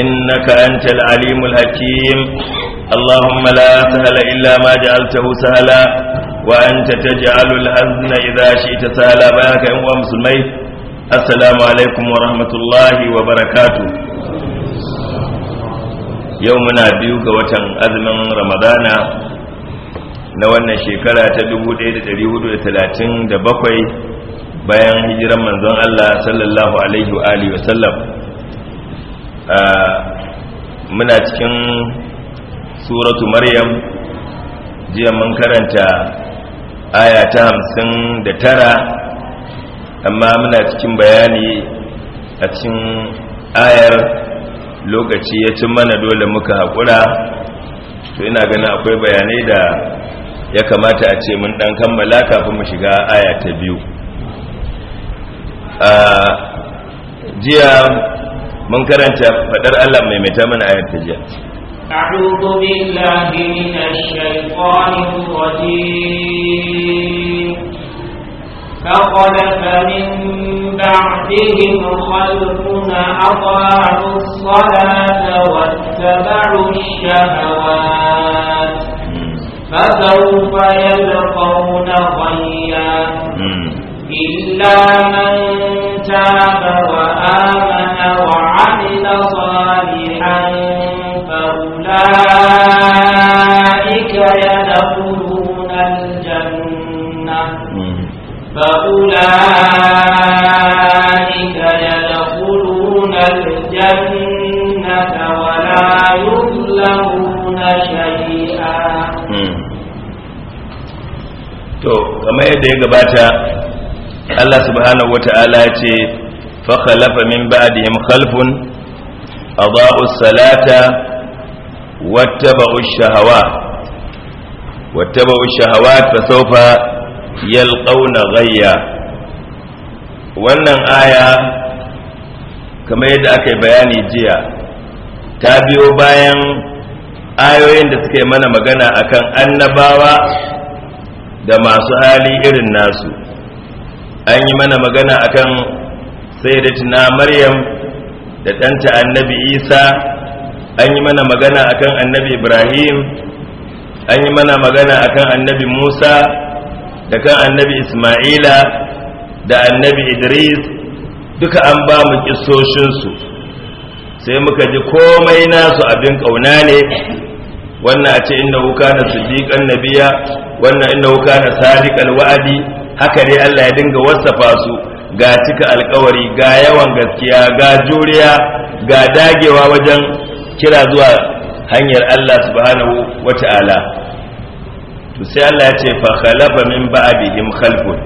إنك أنت العليم الحكيم اللهم لا سهل إلا ما جعلته سهلا وأنت تجعل الحزن إذا شئت سهلا بارك أمو مسلمي السلام عليكم ورحمة الله وبركاته يومنا بيوك وتن أزمن رمضانا na wannan shekara ta 1437 bayan hijiran manzon Allah sallallahu alaihi wa alihi wa sallam muna cikin suratu maryam jiya mun karanta aya ta hamsin da tara amma muna cikin bayani a cikin ayar lokaci ya cin mana dole muka haƙura to ina ganin akwai bayanai da ya kamata a ce mun ɗan kammala kafin mu shiga aya ta biyu jiya من كرنت fadar Allah من متى من آيات ayar أعوذ بالله من الشيطان الرجيم فخلف من بعدهم خلقنا أطاعوا الصلاة واتبعوا الشهوات فسوف يلقون غيا إلا من تاب وأمن gabata Allah subhanahu wa ya ce fa khalafa min ba'dihim khalfun adaa'u salata wattaba'u shahawa wattaba'u shahawa fa sawfa yalqawna ghayya wannan aya kamar yadda aka yi bayani jiya ta biyo bayan ayoyin da suke mana magana akan annabawa da masu hali irin nasu an yi mana magana akan sayyidatina maryam da ɗanta annabi isa an yi mana magana akan annabi ibrahim an yi mana magana akan annabi musa da kan annabi isma'ila da annabi idris duka an ba mu kisoshinsu sai muka ji komai nasu abin ƙauna ne wannan a ce inda wuka na siddiƙan nabiya wannan inda wuka na sadiƙal wa'adi haka dai Allah ya dinga wasafa su ga cika alkawari ga yawan gaskiya ga juriya ga dagewa wajen kira zuwa hanyar Allah subhanahu wata'ala to sai Allah ya ce fa khalafa min ba'dihim khalfun?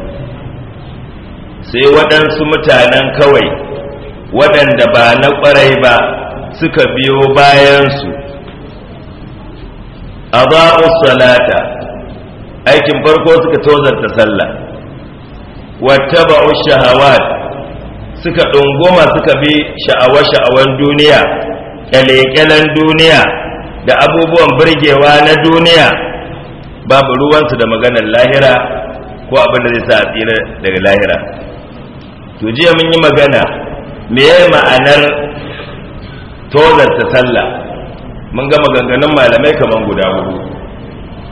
sai waɗansu mutanen kawai waɗanda ba na ƙwarai ba suka biyo bayansu aba'u salata aikin farko suka tozarta sallah wattaba'u shahawat suka ɗunguma suka bi sha'awa-sha'awan duniya kyale duniya da abubuwan birgewa na duniya babu ruwansu da maganar lahira ko abin da zai sa tsira daga lahira to jiya mun yi magana me ma'anar tozarta sallah mun ga maganganun malamai kamar guda hudu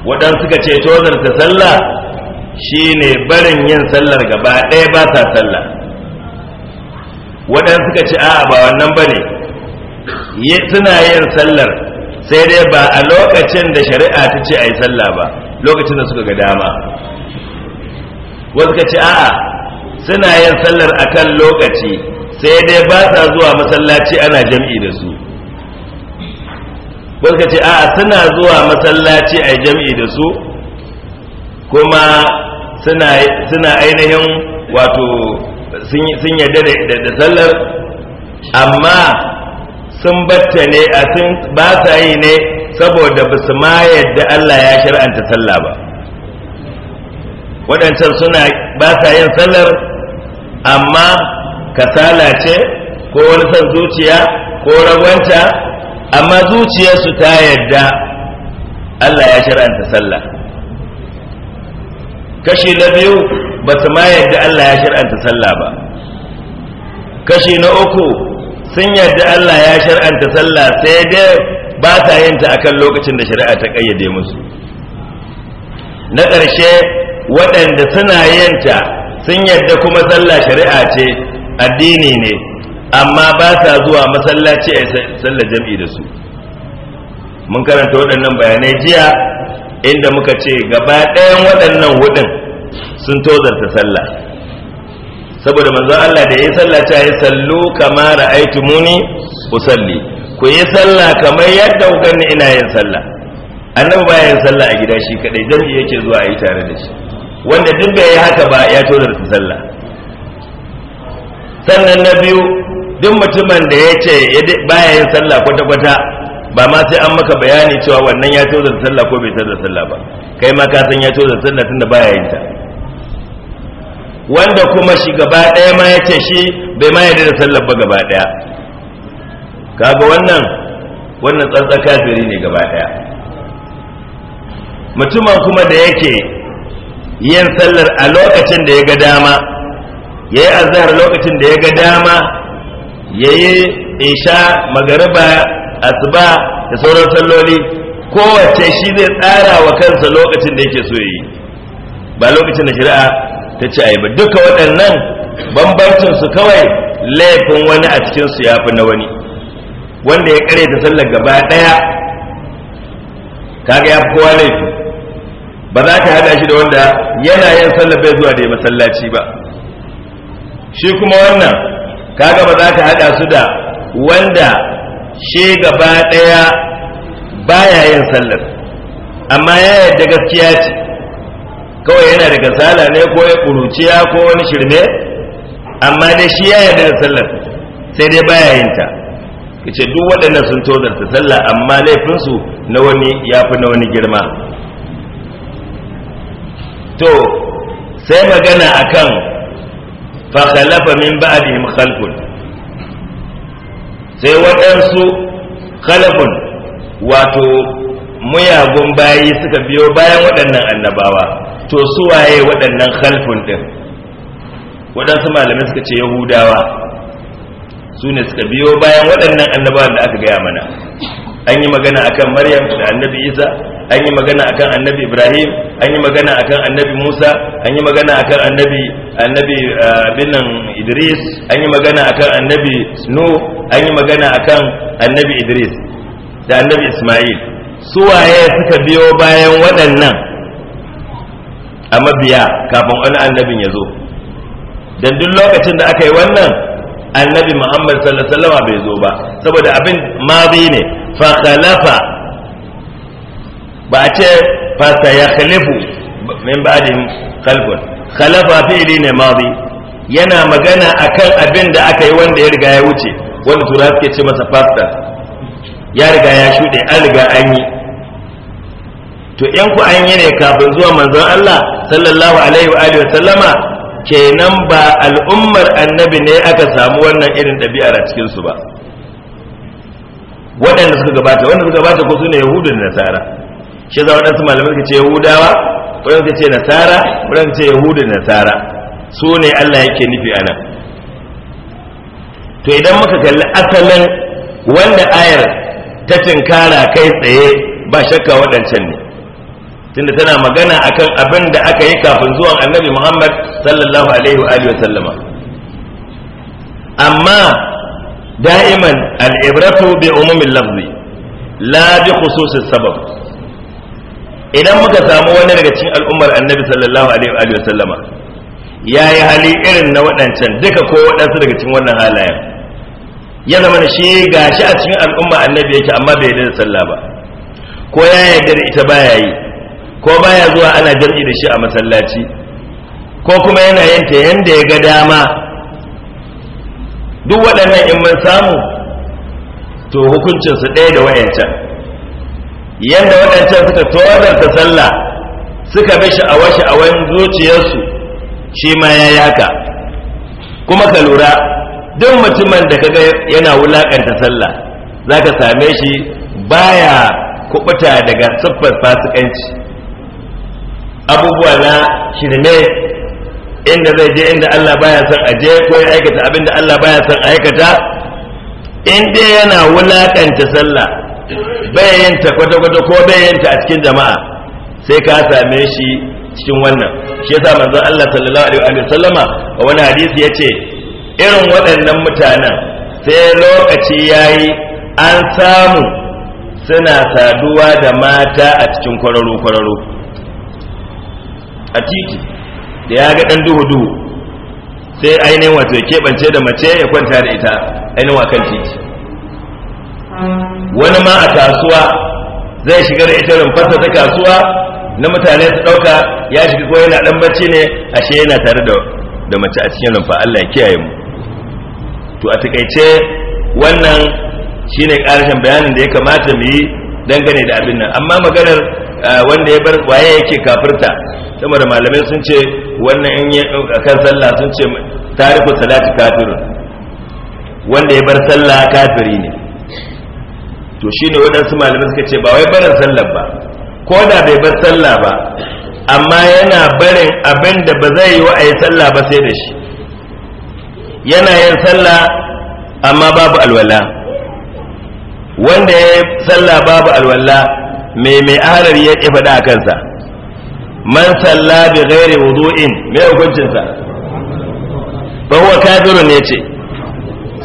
waɗansu suka ce tozarta sallah shi ne barin yin sallar gaba ɗaya ba sa sallah waɗansu suka ce a'a ba wannan ba ne suna yin sallar sai dai ba a lokacin da shari'a ta ce a yi sallah ba lokacin da suka ga dama wasu ka ce a'a suna yin sallar akan lokaci sai dai ba sa zuwa masallaci ana jam'i da su ko ce a'a suna zuwa masallaci a jam'i da su kuma suna ainihin wato sun yarda da sallar amma sun batta ne a sun ba sa yi ne saboda ba su ma yadda Allah ya shar'anta sallah ba waɗancan suna ba sa yin sallar amma kasala ce ko wani son zuciya ko ragwanta amma zuciyarsu ta yadda Allah ya shar'anta sallah kashi na biyu ba su ma yadda Allah ya shar'anta sallah ba kashi na uku sun yadda Allah ya shar'anta sallah sai dai ba ta yin ta akan lokacin da shari'a ta kayyade musu na ƙarshe waɗanda suna yin ta sun yadda kuma sallah shari'a ce addini ne amma ba sa zuwa masallaci a sallar jam'i da su mun karanta waɗannan bayanai jiya inda muka ce gaba ɗayan waɗannan hudun sun tozarta sallah saboda manzon Allah da ya sallah ta ya sallu kama muni usalli ku yi sallah kamar yadda ku ganni ina yin sallah annabi ba yin sallah a gida shi kadai jami'i yake zuwa yi tare da shi wanda duk bai yi haka ba ya tozarta sallah sannan na biyu duk mutumin da ya ce baya yin sallah kwata-kwata ba ma sai an maka bayani cewa wannan ya ce da sallah ko bai ta da sallah ba kai ma ka san ya ce da sallah tun da baya yin ta wanda kuma shi gaba ɗaya ma ya ce shi bai ma yadda da sallah ba gaba ɗaya kaga wannan wannan tsantsa kafiri ne gaba ɗaya mutumin kuma da yake yin sallar a lokacin da ya ga dama ya yi azhar lokacin da ya ga dama ya yayi isha magariba asuba da sauran salloli kowace shi zai tsara wa kansa lokacin da yake so yi ba lokacin da shari'a ta ce ai ba duka waɗannan bambancin su kawai laifin wani a cikin su fi na wani wanda ya kare ta sallar gaba daya kaga ya fi kowa laifi ba za ka hada shi da wanda yana yin sallar bai zuwa da masallaci ba shi kuma wannan kaga ba za ta hada su da wanda shi gaba daya baya yin sallar amma ya yadda gaskiya ce kawai yana daga sala ne ko ya kuruciya ko wani shirme amma dai shi ya yadda da sallar sai dai baya yin ta kace duk waɗannan sun tozarta sallah amma laifin su na wani fi na wani girma to sai magana akan fa khalafa min ba'dihim khalfun sai waɗansu khalafun wato muyagun bayi suka biyo bayan waɗannan annabawa to su waye waɗannan khalfun din waɗansu malamai suka ce yahudawa su ne suka biyo bayan waɗannan annabawa da aka gaya mana an yi magana akan maryam da annabi isa an yi magana akan annabi ibrahim an yi magana akan annabi musa an yi magana akan annabi annabi uh, binan idris an yi magana akan annabi nu an yi magana akan annabi idris da annabi isma'il waye suka biyo bayan waɗannan a mabiya kafin wani annabin ya zo don duk lokacin da aka yi wannan annabi muhammad sallallahu alaihi wasallam bai zo ba saboda abin mazi ne fa khalafa ba a ce fasa ya khalifu min adin khalfun khalafa fi'li ne madi yana magana a kan abin da aka yi wanda ya riga ya wuce wanda tura suke ce masa fasa ya riga ya shuɗe an riga an yi to in ku an yi ne kafin zuwa manzon Allah sallallahu alaihi wa alihi wa sallama kenan ba al'ummar annabi ne aka samu wannan irin ɗabi'ar a cikinsu ba waɗanda suka gabata wanda suka gabata ko su ne yahudu da nasara shi za waɗansu malamai ka ce yahudawa wani ka ce nasara wani ka ce yahudu nasara su ne allah yake nufi a to idan muka kalli asalin wanda ayar ta tinkara kai tsaye ba shakka waɗancan ne tunda tana magana akan abin da aka yi kafin zuwan annabi muhammad sallallahu alaihi wa alihi sallama amma da'iman al'ibratu bi umumin lafzi la bi khususis sabab idan muka samu wani daga cikin al'ummar annabi sallallahu alaihi wa sallama ya yi hali irin na waɗancan duka ko waɗansu daga cikin wannan halayen ya zama da shi ga shi a cikin al'umma annabi yake amma bai yi da sallah ba ko ya yarda da ita baya yi ko baya zuwa ana jar'i da shi a masallaci ko kuma yana yin ta yanda ya ga dama duk waɗannan in mun samu to hukuncinsu ɗaya da wayancan yadda waɗancan suka tozarta sallah suka bi sha'awa sha'awan zuciyarsu shi ma ya yaka. kuma ka lura duk mutumin da kaga yana wulaƙanta sallah za ka same shi baya kubuta daga siffar fasikanci abubuwa na shirme inda zai je inda Allah baya son aje ko ya aikata abinda Allah baya son aikata in dai yana wulaƙanta sallah bayanta kwata-kwata ko bayanta a cikin jama'a sai ka same shi cikin wannan shi yasa manzon Allah sallallahu alaihi wa sallama a wani hadisi ce irin waɗannan mutanen sai lokaci yayi an samu suna saduwa da mata a cikin kwararo-kwararo a titi da ya ga ɗan duhu-duhu sai ainihin wato ya keɓance da mace ya kwanta da ita ainihin wakan titi wani ma a kasuwa zai shiga da ita rumfarsa ta kasuwa na mutane su ɗauka ya shiga ko yana ɗan bacci ne ashe yana tare da mace a cikin rumfa Allah ya kiyaye mu to a takaice wannan shine ƙarshen bayanin da ya kamata mu yi dangane da abin nan amma maganar wanda ya bar waye yake kafirta saboda malamai sun ce wannan in yi kan sallah sun ce tariku salati kafirun wanda ya bar sallah kafiri ne to shine waɗansu malamai suka ce ba wai barin sallar ba ko da bai bar sallah ba amma yana barin abin da ba zai yi wa a yi sallah ba sai da shi yana yin sallah amma babu alwala wanda ya yi sallah babu alwala mai mai aharar ya ƙi faɗa a kansa man salla bi ghairi wudu'in me hukuncinsa ba huwa kafirun ne ce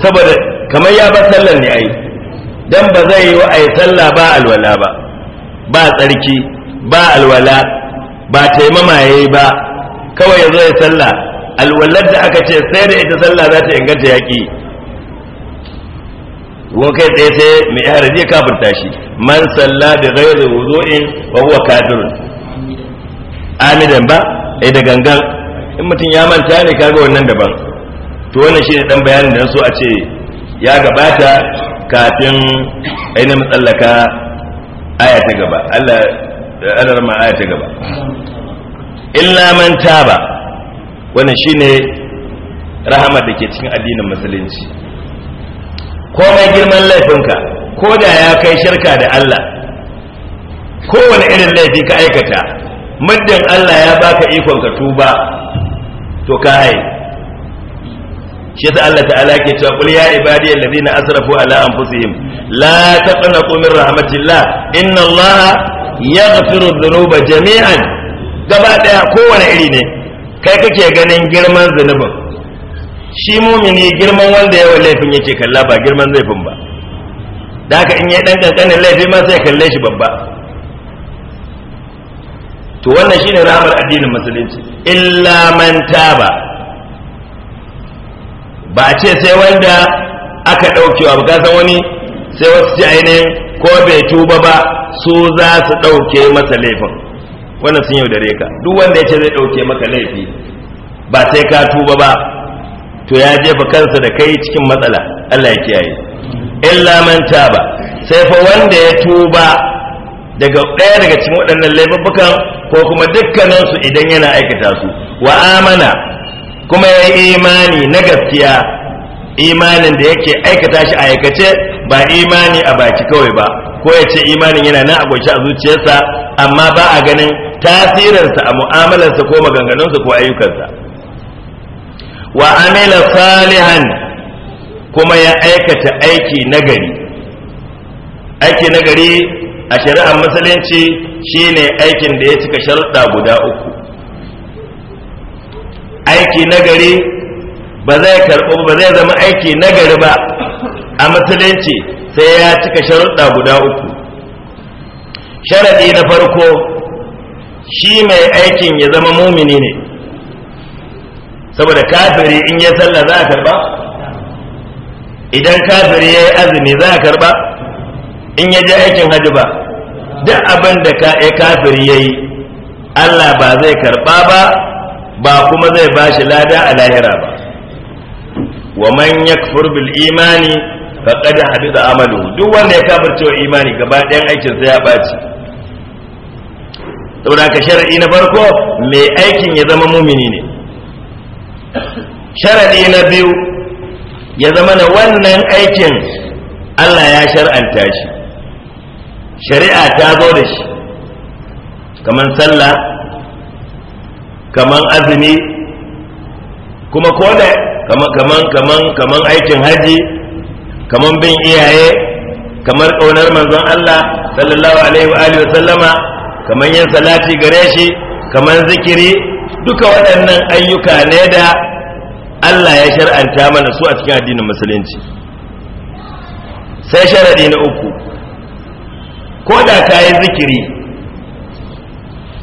saboda kamar ya bar sallar ne ai dan ba zai yi a yi sallah ba alwala ba ba tsarki ba alwala ba taimama ya yi ba kawai ya zo ya sallah alwalar da aka ce sai da ita sallah za ta inganta yaƙi ko kai tsaye sai mai ihar harajiya kafin tashi man salla zai zai wudu'in wa huwa kafirun amidan ba da gangan in mutum ya manta ne kaga wannan daban to wannan shine ɗan bayanin da so a ce ya gabata kafin ainihin tsallaka aya ta gaba Allah ma aya ta gaba illa man taba wannan shine rahama da ke cikin addinin musulunci Ko komai girman laifinka ko da ya kai shirka da Allah kowane irin laifi ka aikata muddin Allah ya baka ikon ka tuba to ka shi Allah ta'ala ke cewa qul ya ibadi alladhina asrafu ala anfusihim la taqnatu min rahmatillah inna Allah yaghfiru dhunuba jami'an gaba daya kowane iri ne kai kake ganin girman zunubin shi mumini girman wanda yawa laifin yake kalla ba girman laifin ba da haka in yi dan kankanin laifi ma sai kalle shi babba to wannan shine rahmar addinin musulunci illa man taba ba a ce sai wanda aka wa ba kasan wani sai wasu ci ainihin ko bai tuba ba su za su ɗauke masa laifin wannan sun yaudare ka duk wanda ya ce zai ɗauke maka laifi ba sai ka tuba ba to ya jefa kansa da kai cikin matsala Allah ya kiyaye illa man taba sai fa wanda ya tuba daga ɗaya daga cikin waɗannan laifuffukan ko kuma dukkaninsu idan yana aikata su wa amana kuma ya yi imani na gaskiya imanin da yake aikata shi a aikace ba imani a baki kawai ba ko ya ce imanin yana nan a a zuciyarsa amma ba a ganin tasirinsa a mu'amalarsa ko maganganunsa ko ayyukansa wa amila salihan kuma ya aikata aiki nagari aiki nagari a shari'ar musulunci shine aikin da ya cika sharuɗa guda uku aiki nagari ba zai karɓo ba zai zama aiki nagari ba a musulunci sai ya cika sharuɗa guda uku sharaɗi na farko shi mai aikin ya zama mumini ne saboda kafiri in ya salla za a karɓa idan kafiri ya yi azumi za a karɓa in ya ji aikin hajji ba duk abin da kafiri ya yi Allah ba zai karɓa ba ba kuma zai ba shi lada a lahira ba wa man yakfur bil imani faqad habida amalu duk wanda ya kafirce wa imani gaba ɗayan aikin sa ya baci saboda ka shar'i na farko mai aikin ya zama mumini ne sharadi na biyu ya zama na wannan aikin Allah ya shar'anta shi shari'a ta zo da shi kamar sallah kaman azumi kuma ko da kaman kaman kaman aikin haji kaman bin iyaye kamar ƙaunar manzon Allah sallallahu alaihi wa alihi sallama kaman yin salati gare shi kaman zikiri duka waɗannan ayyuka ne da Allah ya shar'anta mana su a cikin addinin musulunci sai sharadi na uku ko da ka yi zikiri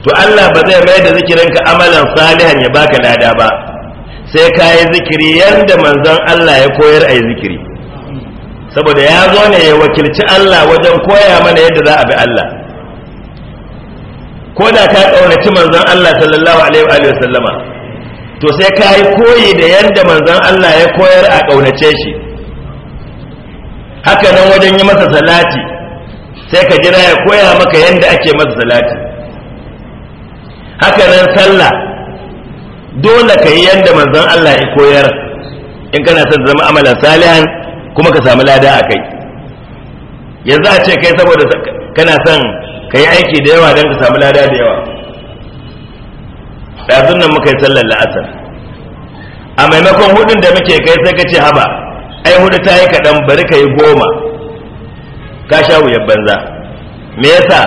to Allah ba zai mai da zikirinka amalan salihan ya baka lada ba sai ka yi zikiri yadda manzon Allah ya koyar a yi zikiri saboda ya zo ne ya wakilci Allah wajen koya mana yadda za a bi Allah ko da ka ƙaunaci manzon Allah sallallahu alaihi wa sallama to sai ka yi koyi da yadda manzon Allah ya koyar a ƙaunace shi haka nan wajen yi masa salati sai ka jira ya koya maka yadda ake masa salati haka nan sallah dole ka yi yadda manzon Allah ya koyar in kana son zama amalan salihan kuma ka samu lada a kai yanzu a ce kai saboda kana son ka yi aiki da yawa don ka samu lada da yawa ɗazun nan muka yi sallar la'asar a maimakon hudun da muke kai sai ka ce haba ai hudu ta yi kaɗan bari ka yi goma ka sha wuyar banza me yasa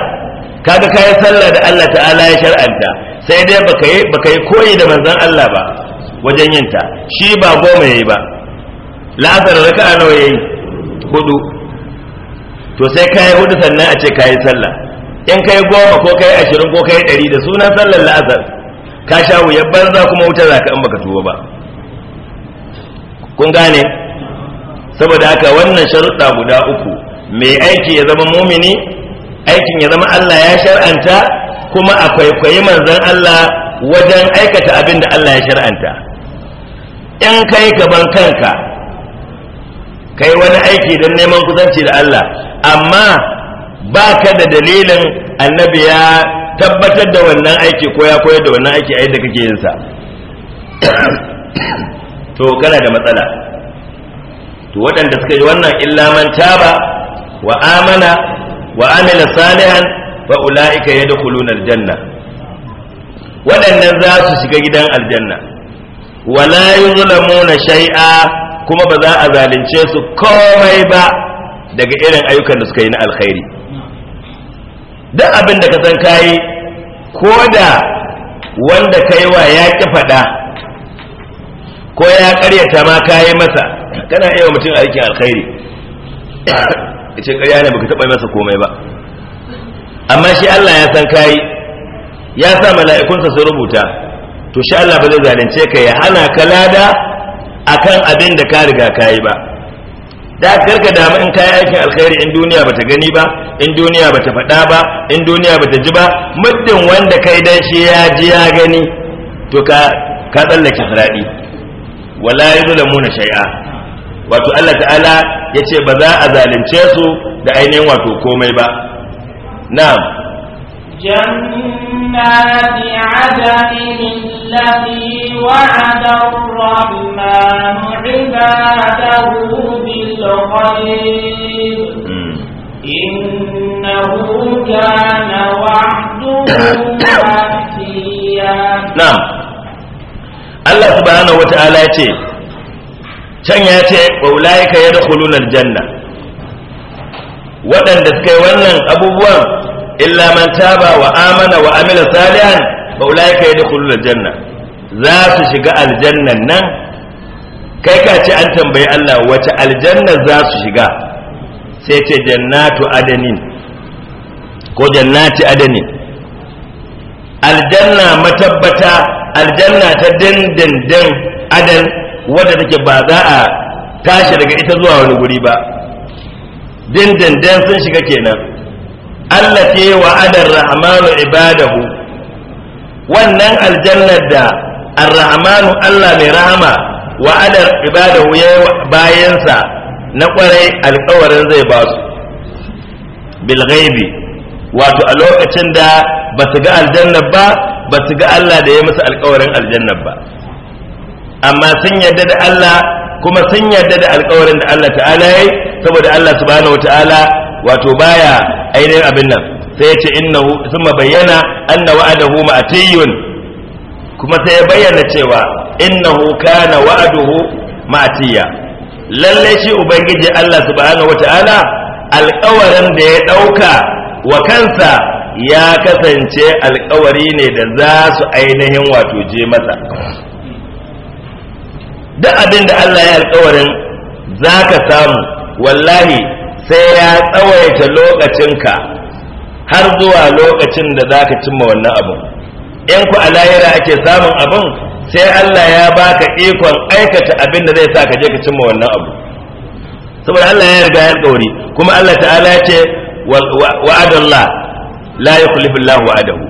kaga yi sallah da Allah ta'ala ya shar'anta sai dai baka yi baka yi koyi da manzon Allah ba wajen yin ta shi ba goma yayi ba la'asar raka'a nawa yayi hudu to sai ka yi hudu sannan a ce ka yi sallah in kai goma ko kai ashirin ko kai ɗari da sunan sallar la'asar ka sha wuyar banza kuma wuta za ka in baka tuwo ba kun gane saboda haka wannan sharuɗa guda uku mai aiki ya zama mumini aikin ya zama Allah ya shar'anta kuma a kwaikwayi manzon Allah wajen aikata abin da Allah ya shar'anta in kai gaban kanka kai wani aiki don neman kusanci da Allah amma ba ka da dalilin annabi ya tabbatar da wannan aiki ko ya koyar da wannan aiki a yadda kake yin sa to kana da matsala to waɗanda suka yi wannan illa man taba wa amana wa amila salihan fa ulaika yadkhuluna aljanna waɗannan za su shiga gidan aljanna wala yuzlamuna shay'a kuma ba za a zalunce su komai ba daga irin ayyukan da suka yi na alkhairi duk abin da ka san kayi ko da wanda kai wa ya ki faɗa ko ya ƙaryata ma kayi masa kana iya mutum aikin alkhairi ce ƙarya ne baka taɓa masa komai ba amma shi Allah ya san kai ya sa mala'ikunsa su rubuta to shi Allah ba zai zalunce ka ya hana ka lada akan abin da ka riga kayi ba da karka damu in kai aikin alkhairi in duniya bata gani ba in duniya bata faɗa ba in duniya bata ji ba muddin wanda kai dan shi ya ji ya gani to ka ka tsallake faraɗi. wala yuzlamuna shay'a wato Allah ta'ala ya ce ba za a zalunce su da ainihin wato komai ba na'am jannati adadin lati wa'ada rahmanu ibadahu bil hmm. innahu kana wa'duhu na'am Allah subhanahu wa ta'ala ya ce can ya ce wa ulaika yadkhuluna aljanna waɗanda suka yi wannan abubuwan illa man taba wa amana wa amila salihan wa ulaika yadkhuluna aljanna za su shiga aljannan nan kai ka ce an tambayi Allah wace aljanna za su shiga sai ce jannatu adanin ko jannati adanin aljanna matabbata aljanna ta dindindin adan wadda take ba za a tashi daga ita zuwa wani guri ba dindindin sun shiga kenan Allah ce wa adar rahmanu ibadahu wannan aljannar da arrahmanu Allah mai rahama wa adar ibadahu ya bayansa na kwarai alkawarin zai ba su bilghaibi wato a lokacin da ba su ga aljannar ba ba su ga Allah da ya musu alkawarin aljannar ba amma sun yarda da Allah kuma sun yarda da alƙawarin da Allah ta'ala yayi saboda Allah subhanahu wata'ala wato baya ainihin abin nan sai ya ce innahu thumma bayyana anna wa'adahu ma'tiyun kuma sai ya bayyana cewa innahu kana wa'aduhu ma'tiya lalle shi ubangiji Allah subhanahu wata'ala alƙawarin da ya dauka wa kansa ya kasance alƙawari ne da za su ainihin wato je masa duk abin da Allah ya alkawarin za ka samu wallahi sai ya tsawaita lokacinka har zuwa lokacin da za ka cimma wannan abin in ku a layira ake samun abin sai Allah ya baka ikon aikata abin da zai sa ka je ka cimma wannan abu saboda Allah ya riga ya alkawari kuma Allah ta'ala ya ce wa'adallah la yukhlifu Allahu wa'adahu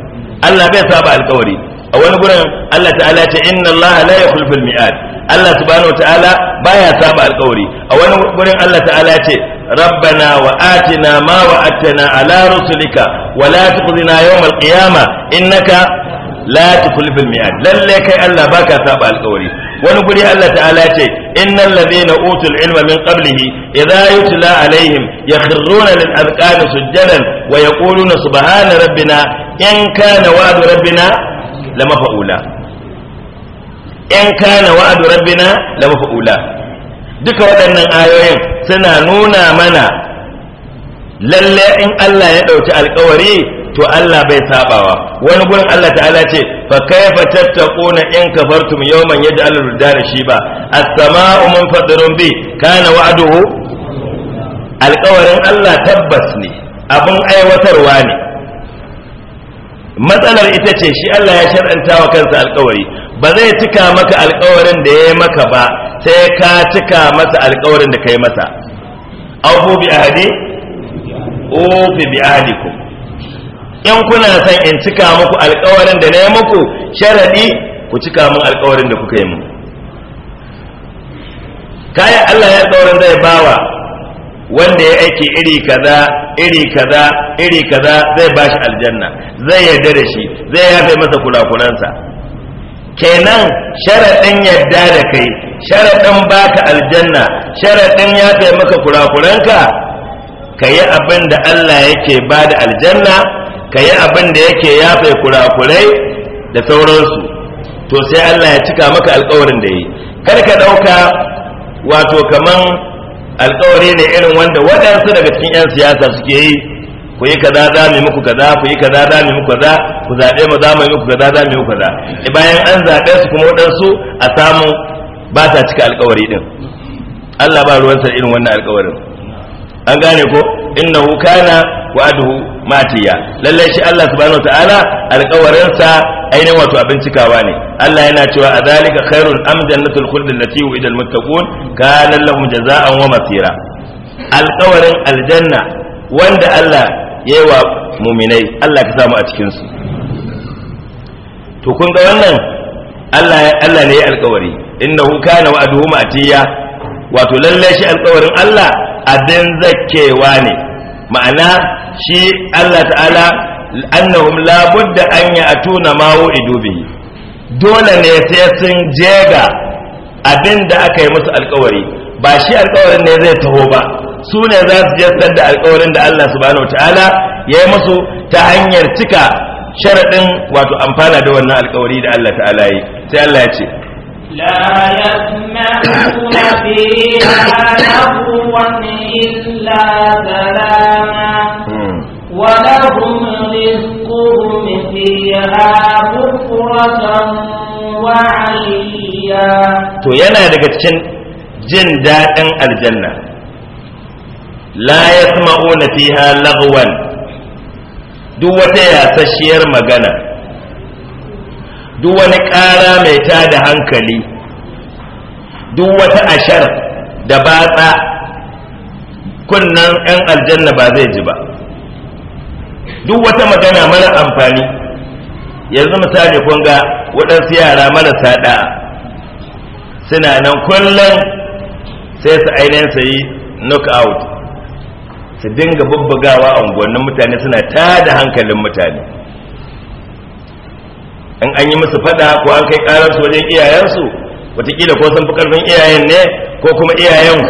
Allah bai saba alkawari a wani gurin Allah ta'ala ce inna Allah la yakhlufu al-mi'ad Allah subhanahu ta'ala baya saba alƙawari a wani gurin Allah ta'ala ce rabbana wa atina ma wa'adtana ala rusulika wa la tukhzina yawm al-qiyamah innaka la tukhlifu al-mi'ad lalle kai Allah baka saba alƙawari wani guri Allah ta'ala ce innal ladina utul ilma min qablihi idza yutla alaihim yakhruna lil azqani sujjadan wa yaquluna subhana rabbina in kana wa'du rabbina lama fa'ula in kana wa'adu rabbina lama fa'ula duka waɗannan ayoyin suna nuna mana lalle in Allah ya ɗauki alkawari to Allah bai sabawa wani gurin Allah ta'ala ce fa kaifa tattaquna in kafartum yawman yaj'alul dara shiba as-sama'u munfadirun bi kana wa'duhu alkawarin Allah tabbas ne abin aiwatarwa ne matsalar ita ce shi Allah ya shar'anta wa kansa alkawari ba zai cika maka alkawarin da ya maka ba sai ka cika masa alkawarin da kai masa aufu bi ahdi ufi bi in kuna son in cika muku alkawarin da na yi muku sharadi ku cika mun alkawarin da kuka yi mun kayan Allah ya alkawarin zai bawa wanda ya aiki iri kaza iri kaza iri kaza zai bashi aljanna zai yarda da shi zai yafe masa kulakulansa kenan sharaɗin yarda da kai sharaɗin baka aljanna sharaɗin yafe maka kulakulanka ka yi abin Allah yake bada aljanna ka yi abin da yake yafe kulakulai da sauransu to sai Allah ya cika maka alkawarin da yi kar ka ɗauka wato kaman alkawari ne irin wanda waɗansu daga cikin 'yan siyasa suke yi ku yi kaza za mu yi muku kaza ku yi kaza za mu yi muku kaza ku zaɓe mu za mu yi muku kaza za mu yi muku kaza e bayan an zaɓe su kuma waɗansu a samu ba ta cika alkawari din Allah ba ruwansa irin wannan alkawarin an gane ko innahu kana wa'aduhu matiya lallai shi Allah subhanahu wataala alƙawarinsa ainihin wato abin cikawa ne Allah yana cewa a zalika khairul am jannatul khuldi allati wa'ida almuttaqun kana lahum jazaa'an wa masira alƙawarin aljanna wanda Allah yayi wa muminai Allah ka samu a cikin su to kun ga wannan Allah Allah ne ya alƙawari innahu kana wa'aduhu matiya wato lallai shi alƙawarin Allah abin zakkewa ne ma'ana shi Allah ta'ala annahum la budda an ya'tuna ma wu'idu bihi dole ne sai sun jega abin da aka yi musu alkawari ba shi alkawarin ne zai taho ba su ne za su jasar da alkawarin da Allah subhanahu ta'ala ya yi musu ta hanyar cika sharaɗin wato amfana da wannan alkawari da Allah ta'ala yi sai Allah ya ce لا يسمعون فيها لغوا إلا سلاما ولهم رزقهم فيها بكرة تو jin daɗin aljanna la ya fiha duk wata yasasshiyar magana duk wani ƙara mai ta da hankali duk wata ashar da batsa kunnan 'yan aljanna ba zai ji ba duk wata magana mara amfani yanzu misali kun ga waɗansu yara marasa ɗa suna nan kullum sai su ainihin su yi knockout su dinga bubbugawa a unguwannin mutane suna ta da hankalin mutane in an yi musu fada ko an kai karansu wajen iyayensu watakila ko sun fi iyayen ne ko kuma iyayen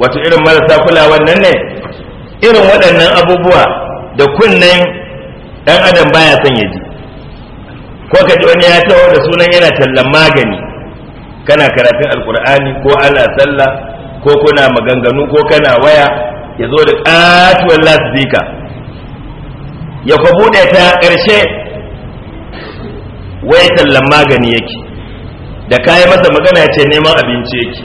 wato irin marasa kulawan nan ne irin waɗannan abubuwa da kunnen ɗan adam baya son ya ji ko ka ji wani ya taho da sunan yana tallan magani kana karatun alkur'ani ko ana sallah ko kuna maganganu ko kana waya ya zo da ƙatuwar lasbika ya kwa buɗe ta ƙarshe wai tallan magani yake da kayi masa magana ce neman abinci yake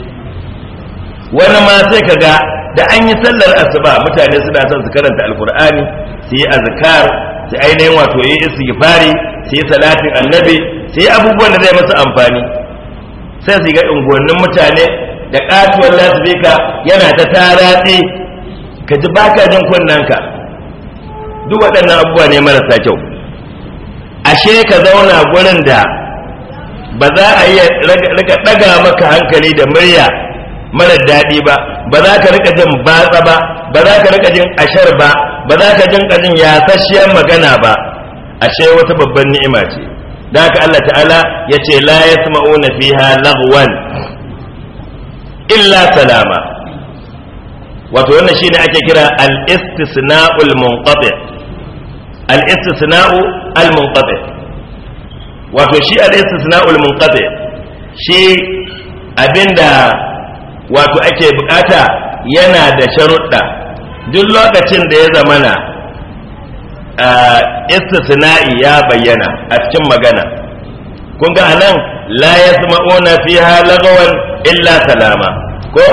wani ma sai ka ga da an yi sallar asuba mutane suna son su karanta alkur'ani su yi azkar su ainihin wato yi istighfari su yi salatin annabi su yi abubuwan da zai masa amfani sai su ga unguwannin mutane da katuwar lasbika yana ta taratsi ka ji baka jin kunnanka duk waɗannan abubuwa ne marasa kyau ashe ka zauna gurin da ba za a iya rika daga maka hankali da murya mara daɗi ba ba za ka rika jin batsa ba ba za ka rika jin ashar ba ba za ka jin kajin yasasshiyar magana ba ashe wata babban ni'ima ce da haka Allah ta'ala ya ce la fi fiha lagwan illa salama wato wannan shi ne ake kira al-istisna'ul munqati' al-istisna'u al-munqati wato shi al-istisna'u al-munqati shi abinda wato ake bukata yana da sharuɗa duk lokacin da ya zamana istisna'i ya bayyana a cikin magana kun ga anan la yasma'una fiha lagawan illa salama ko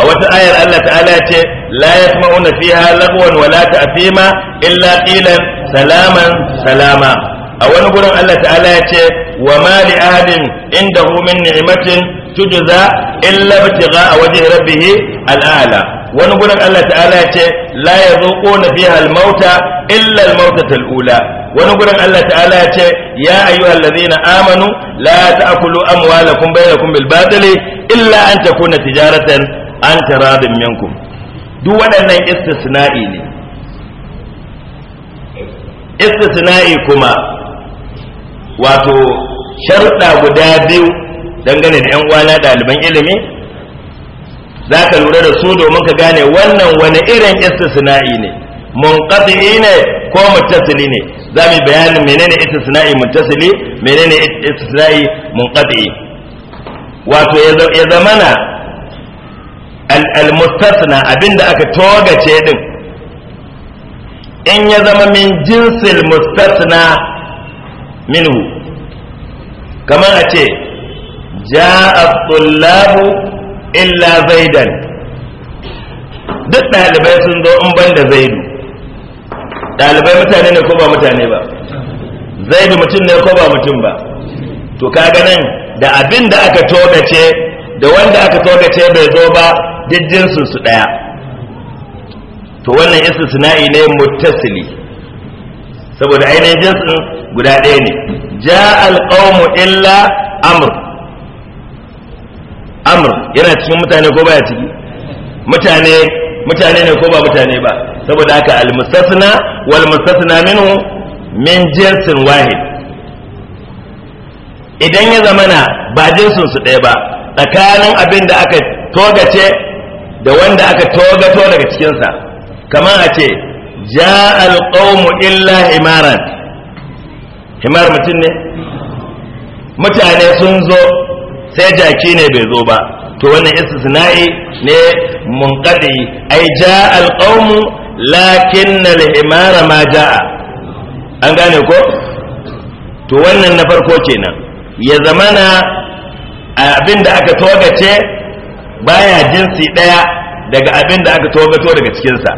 a wata ayar Allah ta'ala ce la yasma'una fiha lagwan wala ta'sima illa qilan salaman salama a wani gurin Allah ta'ala ya ce wa ma li ahadin indahu min ni'matin tujza illa ibtigha wajhi rabbih al'ala wani gurin Allah ta'ala ya ce la ya fiha al-mauta illa al-mauta tal'ula wani gurin Allah ta'ala ya ce ya ayyuhal ladzina amanu la ta'kulu amwalakum bainakum bil batili illa an takuna tijaratan an tarabin minkum duk waɗannan istisna'i ne istisna'i kuma wato sharɗa guda biyu dangane da 'yan uwana ɗaliban ilimi za ka lura da su domin ka gane wannan wani irin istisna'i ne munqati ne ko muttasili ne za mu bayanin menene istisna'i muttasili menene istisna'i munqati wato ya zamana al-mustasna abinda aka togace din in ya zama min jinsil mustasna minhu kamar a ce ja'a tullabu illa zaidan duk ɗalibai sun zo in ban da zaidu ɗalibai mutane ne ko ba mutane ba zaidu mutum ne ko ba mutum ba to kaga nan da abin da aka togace da wanda aka togace bai zo ba jinsin su daya to wannan istisna'i ne muttasili saboda ainihin jinsin guda ɗaya ne ja alqawmu illa amr amr yana cikin mutane ko baya ciki mutane mutane ne ko ba mutane ba saboda haka almustasna wal mustasna minhu min jinsin wahid idan ya zamana ba jinsin su ɗaya ba tsakanin abin da aka togace da wanda aka togato daga cikinsa kamar a ce ja alƙawmu illa himaran himar mutum ne mutane sun zo sai jaki ne bai zo ba to wannan istisna'i ne mun munqadi ai ja alqawmu lakin al-himara ma jaa an gane ko to wannan na farko kenan ya zamana abinda aka togace baya jinsi ɗaya daga abin da aka togato daga cikinsa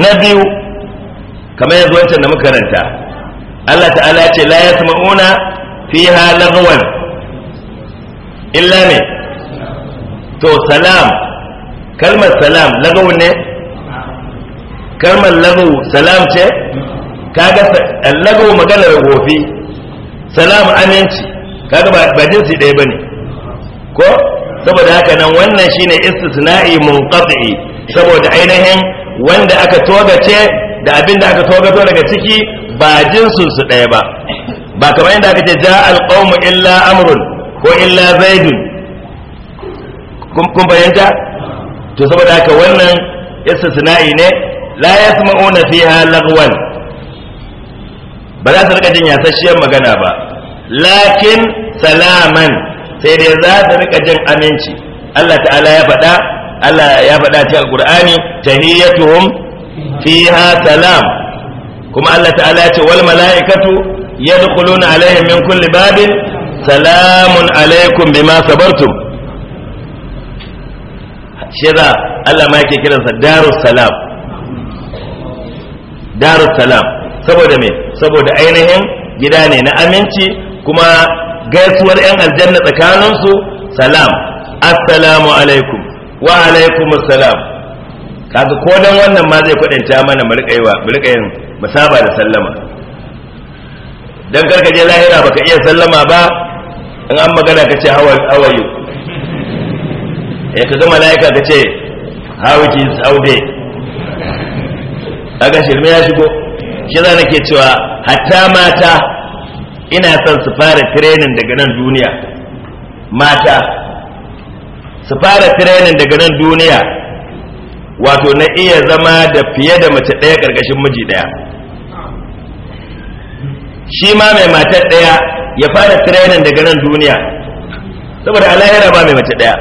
na biyu kamar yanzu wancan da ranta. Allah ta'ala ce la yasma'una fiha laghwan illa ne to salam kalmar salam laghwan ne kalmar lagwu salam ce kaga lagwu maganar gofi salam aminci kaga ba jinsi ɗaya bane ko saboda haka nan wannan shine istisna'i munqati saboda ainihin wanda aka togace da abin da aka togato daga ciki ba sun su ɗaya ba ba kamar yadda aka ce ja alqawmu illa amrun ko illa zaidun kun bayanta? to saboda haka wannan istisna'i ne la yasma'una fiha lagwan ba za su rika jin yasasshiyar magana ba lakin salaman sai dai za ta rika jin aminci Allah ta'ala ya faɗa Allah ya faɗa cikin Qur'ani tahiyyatuhum fiha salam kuma Allah ta'ala ya ce wal mala'ikatu yadkhuluna alaihim min kulli babin salamun alaikum bima sabartum shira Allah ma yake kiransa darus salam darus salam saboda me saboda ainihin gida ne na aminci kuma gaisuwar 'yan aljanna tsakaninsu salam assalamu alaikum wa alaikum assalam kaga ko dan wannan ma zai kwadanta mana mu rika yiwa mu rika yin musaba da sallama dan karka je lahira baka iya sallama ba in an magana kace hawa hawayu eh kaga malaika kace how it is how day kaga shirme ya shigo shi za nake cewa hatta mata ina son su fara training daga nan duniya mata su fara training daga nan duniya wato na iya zama da fiye da mace ɗaya ƙarƙashin miji ɗaya shi ma mai matar ɗaya ya fara training daga nan duniya saboda alayara ba mai mace ɗaya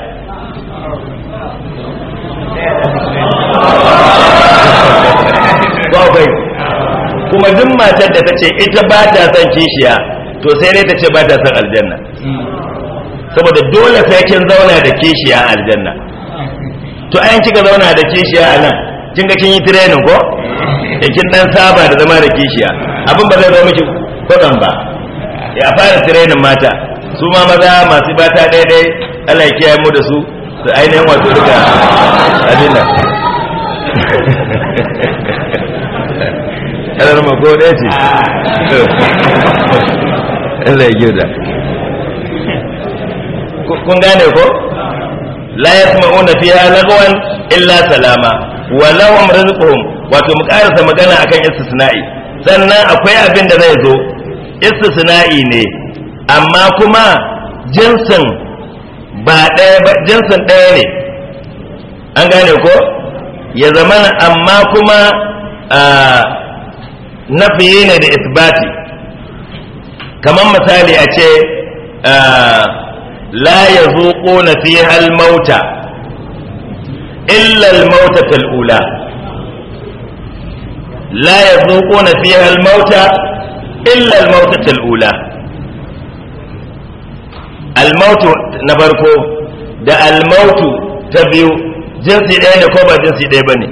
kuma duk matar da ta ce ita ba ta son kishiya to sai dai ta ce ba ta san aljanna saboda dole sai kin zauna da kishiya aljanna to ayan kika zauna da kishiya a nan kin ga kin yi training ko da kin dan saba da zama da kishiya abin ba zai zo miki kodan ba ya fara training mata su ma maza masu bata daidai Allah ya kiyaye mu da su su ainihin wato duka abin nan ƙarar mako ɗaya ce In ya gyauda kun gane ko la yasma'una fiha lagwan illa salama wa lahum rizquhum wato mu karasa magana akan istisna'i sannan akwai abin da zai zo istisna'i ne amma kuma jinsin ba ɗaya ba jinsin ɗaya ne an gane ko ya zamana amma kuma ah, nafiye ne da isbati kamar misali a ce ah, la ya zuƙo na fi mauta illal mauta tal'ula la ya zuƙo na fi mauta illal mauta tal'ula almautu na farko da almautu ta biyu jinsi ɗaya ne ko ba jinsi ɗaya ba ne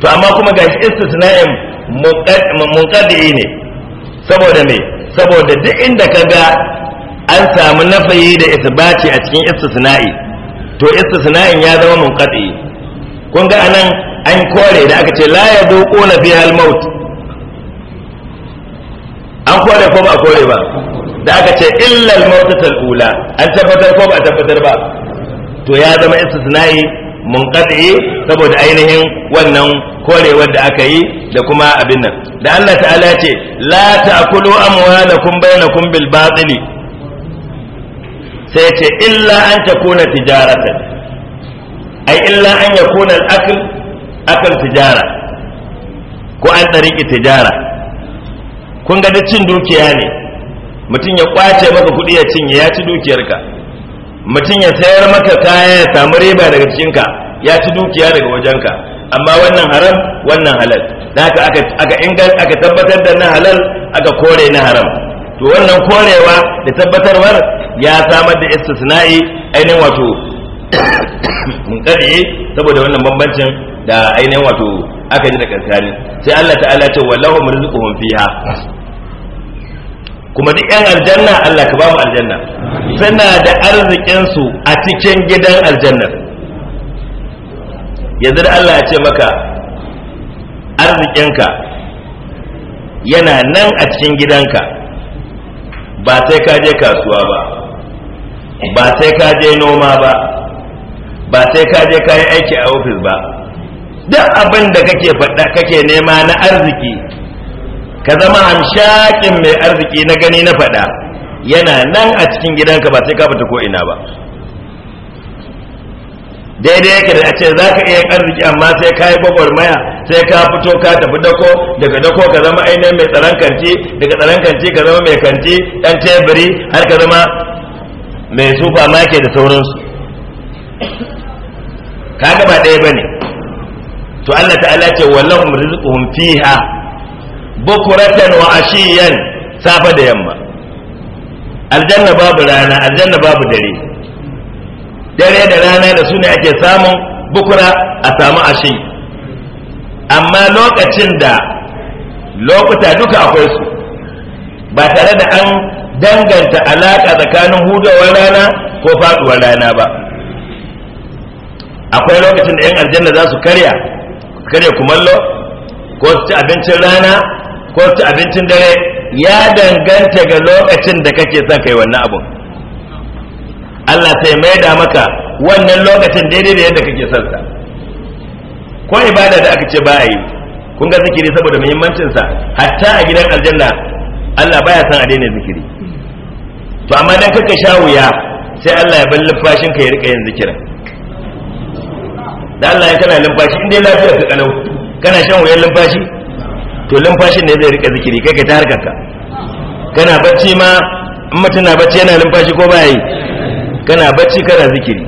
to amma kuma ga istisna'in munƙadi ne saboda me saboda duk inda ka ga an samu nafayi da isbati a cikin istisna'i to istisna'in ya zama munqati kun ga anan an kore da aka ce la ya yaduquna fi al-maut an kore ko ba kore ba da aka ce illa al maut al-ula an tabbatar ko ba tabbatar ba to ya zama istisna'i munqati saboda ainihin wannan korewar da aka yi da kuma abin nan da Allah ta'ala ce la ta'kulu amwalakum bainakum bil batili sai ce illa an takuna tijarata ai illa an yakuna al-akl akal tijara ko an tariki tijara kun ga cin dukiya ne mutum ya kwace maka kuɗi ya cinye ya ci dukiyarka mutum ya sayar maka kaya ya samu riba daga cikinka ya ci dukiya daga wajenka amma wannan haram wannan halal da aka aka inga aka tabbatar da na halal aka kore na haram to wannan korewa da tabbatarwar ya samar da istisna'i ainihin wato kare saboda wannan bambancin da ainihin wato aka ji da kankani sai Allah ta'ala ce wallahu rizquhum fiha kuma duk yan aljanna Allah ka ba mu aljanna suna da arzikin su a cikin gidan aljanna yanzu da Allah ya ce maka arzikinka yana nan a cikin gidanka ba sai ka je kasuwa ba ba sai ka je noma ba ba sai ka je kayan aiki a ofis ba duk abin da kake faɗa kake nema na arziki ka zama hamshakin mai arziki na gani na faɗa yana nan a cikin gidanka ba sai ka fita ko ina ba daidai yake da a ce za ka iya arziki amma sai ka yi gwagwarmaya sai ka fito ka tafi dako daga dako ka zama ainihin mai tsaron kanti daga tsaron kanti ka zama mai kanti ɗan teburi har ka zama mai sufa make da sauransu ka gaba ɗaya ba ne to Allah ta'ala ce wallahum rizquhum fiha bukuratan wa ashiyan safa da yamma aljanna babu rana aljanna babu dare dare da rana da su ake samun bukura a samu ashe amma lokacin da lokuta duka akwai su ba tare da an danganta alaƙa tsakanin hudawar rana ko faɗuwar rana ba akwai lokacin da 'yan aljanna za su karya karya kumallo ko su ci abincin rana ko su ci abincin dare ya danganta ga lokacin da kake son kai wannan abu. Allah sai mai da maka wannan lokacin daidai da yadda kake son sa ko ibada da aka ce ba yi kun ga zikiri saboda muhimmancin sa hatta a gidan aljanna Allah baya son a daina zikiri to amma dan kake sha wuya sai Allah ya bar lumfashin ka ya rika yin zikirin da Allah ya kana lumfashi in dai lafiya ka kalau kana shan wuyan lumfashi to lumfashin ne zai rika zikiri kai ka ta harkar ka kana bacci ma in mutum na bacci yana lumfashi ko ba yi kana bacci kana zikiri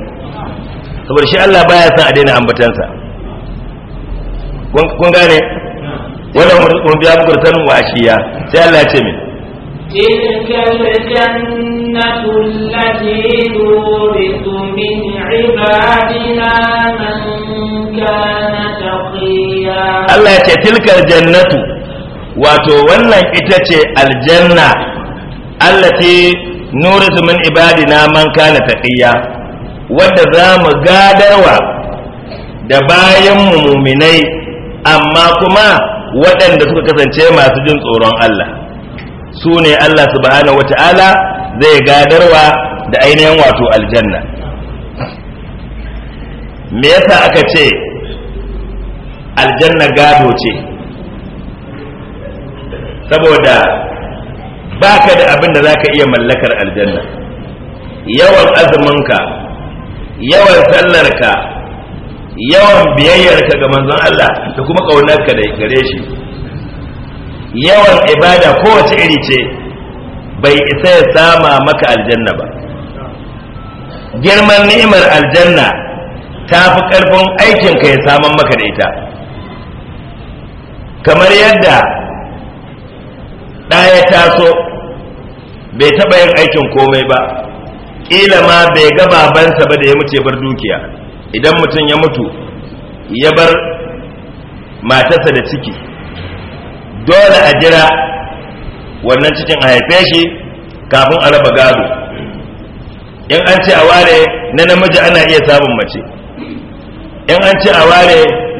saboda shi Allah baya son a daina ambatansa kun gane wannan biya ya bukur sanin ashiya sai Allah ya ce min تلك الجنة التي نورث من عبادنا من كان تقيا الله ce تلك jannatu wato wannan ita ce aljanna allati nurisu min ibadina man kana taqiya wanda za mu gadarwa da bayan mu muminai amma kuma waɗanda suka kasance masu jin tsoron Allah su ne Allah subhanahu wata'ala zai gadarwa da ainihin wato aljanna me yasa aka ce aljanna gado ce saboda baka da abin da zaka iya mallakar aljanna yawan azuminka yawan sallarka yawan biyayyarka ga manzon Allah da kuma ƙaunarka da gare shi yawan ibada kowace iri ce bai isa ya sama maka aljanna ba girman ni'imar aljanna ta fi ƙarfin aikinka ya saman maka da ita kamar yadda ɗaya taso bai taɓa yin aikin komai ba ƙila ma bai ga babansa ba da ya muce bar dukiya idan mutum ya mutu ya bar matarsa da ciki dole a jira wannan cikin a haife shi kafin a raba gado in an ce a ware na namiji ana iya samun mace in an ce a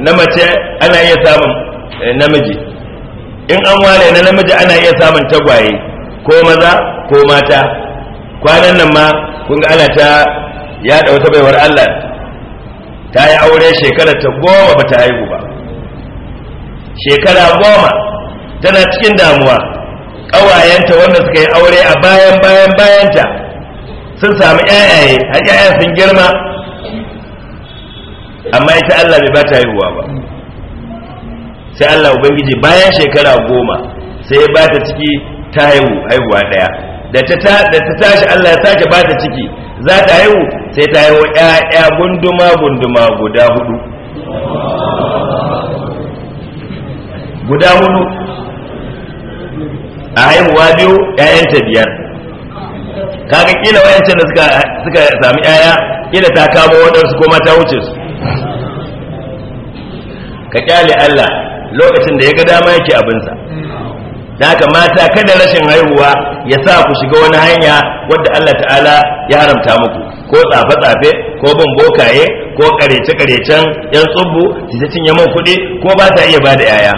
na mace ana iya samun eh, namiji in an wale na namiji ana iya samun tagwaye ko maza ko mata kwanan nan ma kun ga ana ta yaɗa wata baiwar Allah ta yi aure shekara ta goma ba ta haihu ba shekara goma tana cikin damuwa ƙawayenta wanda suka yi aure a bayan bayan bayanta sun samu yayaye har yayan sun girma amma ita Allah bai ba ta haihuwa ba sai Allah ubangiji bayan shekara goma sai ya bata ciki ta haihu haihuwa daya da ta da ta tashi Allah ya sake bata ciki za ta haihu sai ta haihu ƴaƴa gunduma gunduma guda hudu guda hudu a haihuwa biyu ƴaƴanta biyar kaga kila wayancan da suka suka sami ƴaƴa kila ta kama waɗansu ko ma ta wuce su ka kyale Allah lokacin da ya ga dama yake abinsa da haka mata kada rashin haihuwa ya sa ku shiga wani hanya wadda Allah ta'ala ya haramta muku ko tsafe-tsafe ko bin bokaye ko karece-karecen yan tsubbu ta cinye man kuɗi ko ba ta iya ba da yaya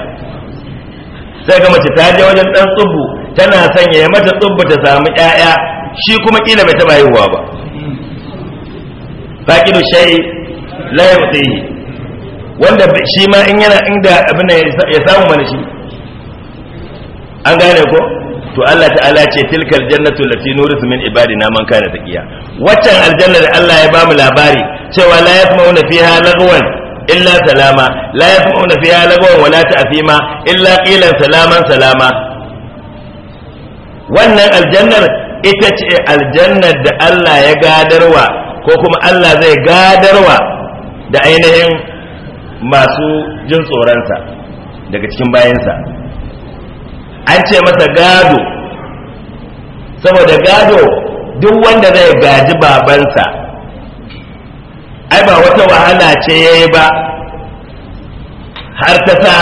sai ga mace ta je wajen ɗan tsubbu tana sanya ya mata tsubbu ta samu yaya shi kuma kila bai taɓa haihuwa ba da shayi la tsaye. wanda shi ma in yana inda abin ya samu mana shi an gane ko to Allah ta'ala ce tilkal jannatu lati nurisu min ibadina man kana taqiya waccan aljanna da Allah ya ba mu labari cewa la yasmauna fiha lagwan illa salama la yasmauna fiha lagwan wala ta'fima illa qilan salaman salama wannan aljannar ita ce aljannar da Allah ya gadarwa ko kuma Allah zai gadarwa da ainihin masu jin tsoronsa daga cikin bayansa an ce masa gado saboda gado duk wanda zai gaji babansa ai ba wata wahala ce ya yi ba har ta sa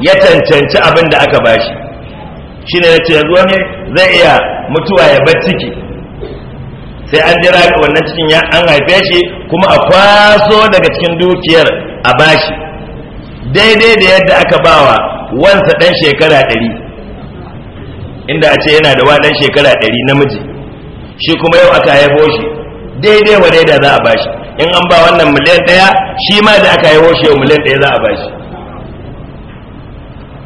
ya cancanci abin da aka bashi shi ne ya ce ne zai iya mutuwa ya bar ciki sai an jira wannan cikin ya an haife shi kuma a kwaso daga cikin dukiyar a bashi daidai da yadda aka bawa wansa dan shekara ɗari inda a ce yana da wa dan shekara ɗari namiji shi kuma yau aka haifo shi daidai wa daidai za a bashi in an ba wannan miliyan ɗaya shi ma da aka haifo shi yau miliyan ɗaya za a bashi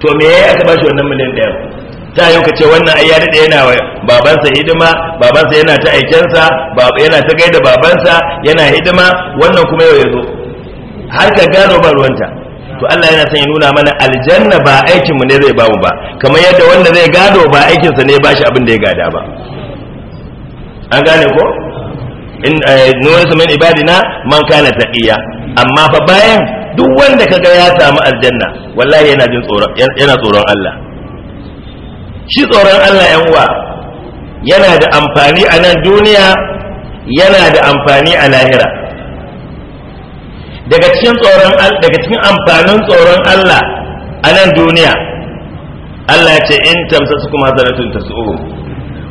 to me ya aka bashi wannan miliyan ɗaya ta yau ka wannan ai ya daɗe yana babansa hidima babansa yana ta aikensa yana ta gaida babansa yana hidima wannan kuma yau ya zo har ka gano ba ruwanta to Allah yana son ya nuna mana aljanna ba aikin mu ne zai bamu ba kamar yadda wanda zai gado ba aikin sa ne ba shi abin da ya gada ba an gane ko in eh, nuwarsa min ibadina man kana taqiya amma fa bayan duk wanda kaga ya samu aljanna wallahi yana jin tsoron yana tsoron Allah shi tsoron Allah yan uwa yana da amfani a nan duniya yana da amfani a lahira daga cikin tsoron daga cikin amfanin tsoron Allah a nan duniya Allah ya ce in kuma zalatun tasu'u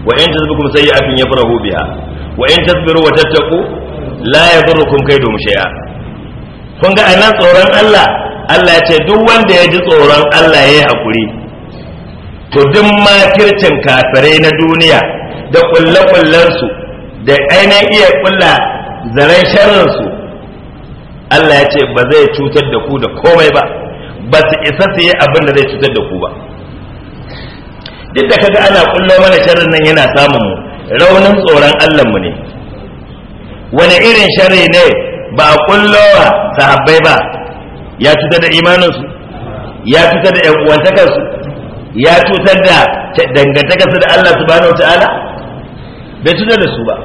wa in tasbukum sayyi'atin yafrahu biha wa in tasbiru wa tattaqu la yadurrukum kaydu shay'a kun ga nan tsoron Allah Allah ya ce duk wanda ya ji tsoron Allah ya yi hakuri to duk makircin kafirai na duniya da kulle-kullensu da ainihin iya kulla zaren sharrinsu Allah ya ce ba zai cutar da ku da komai ba ba su isa su yi abin da zai cutar da ku ba duk da kaga ana kullo mana sharrin nan yana samun mu raunin tsoron Allah ne wani irin sharri ne ba a kullowa sahabbai ba ya cutar da imaninsu ya cutar da 'yan uwantakarsu ya cutar da su da Allah subhanahu ta'ala bai cutar da su ba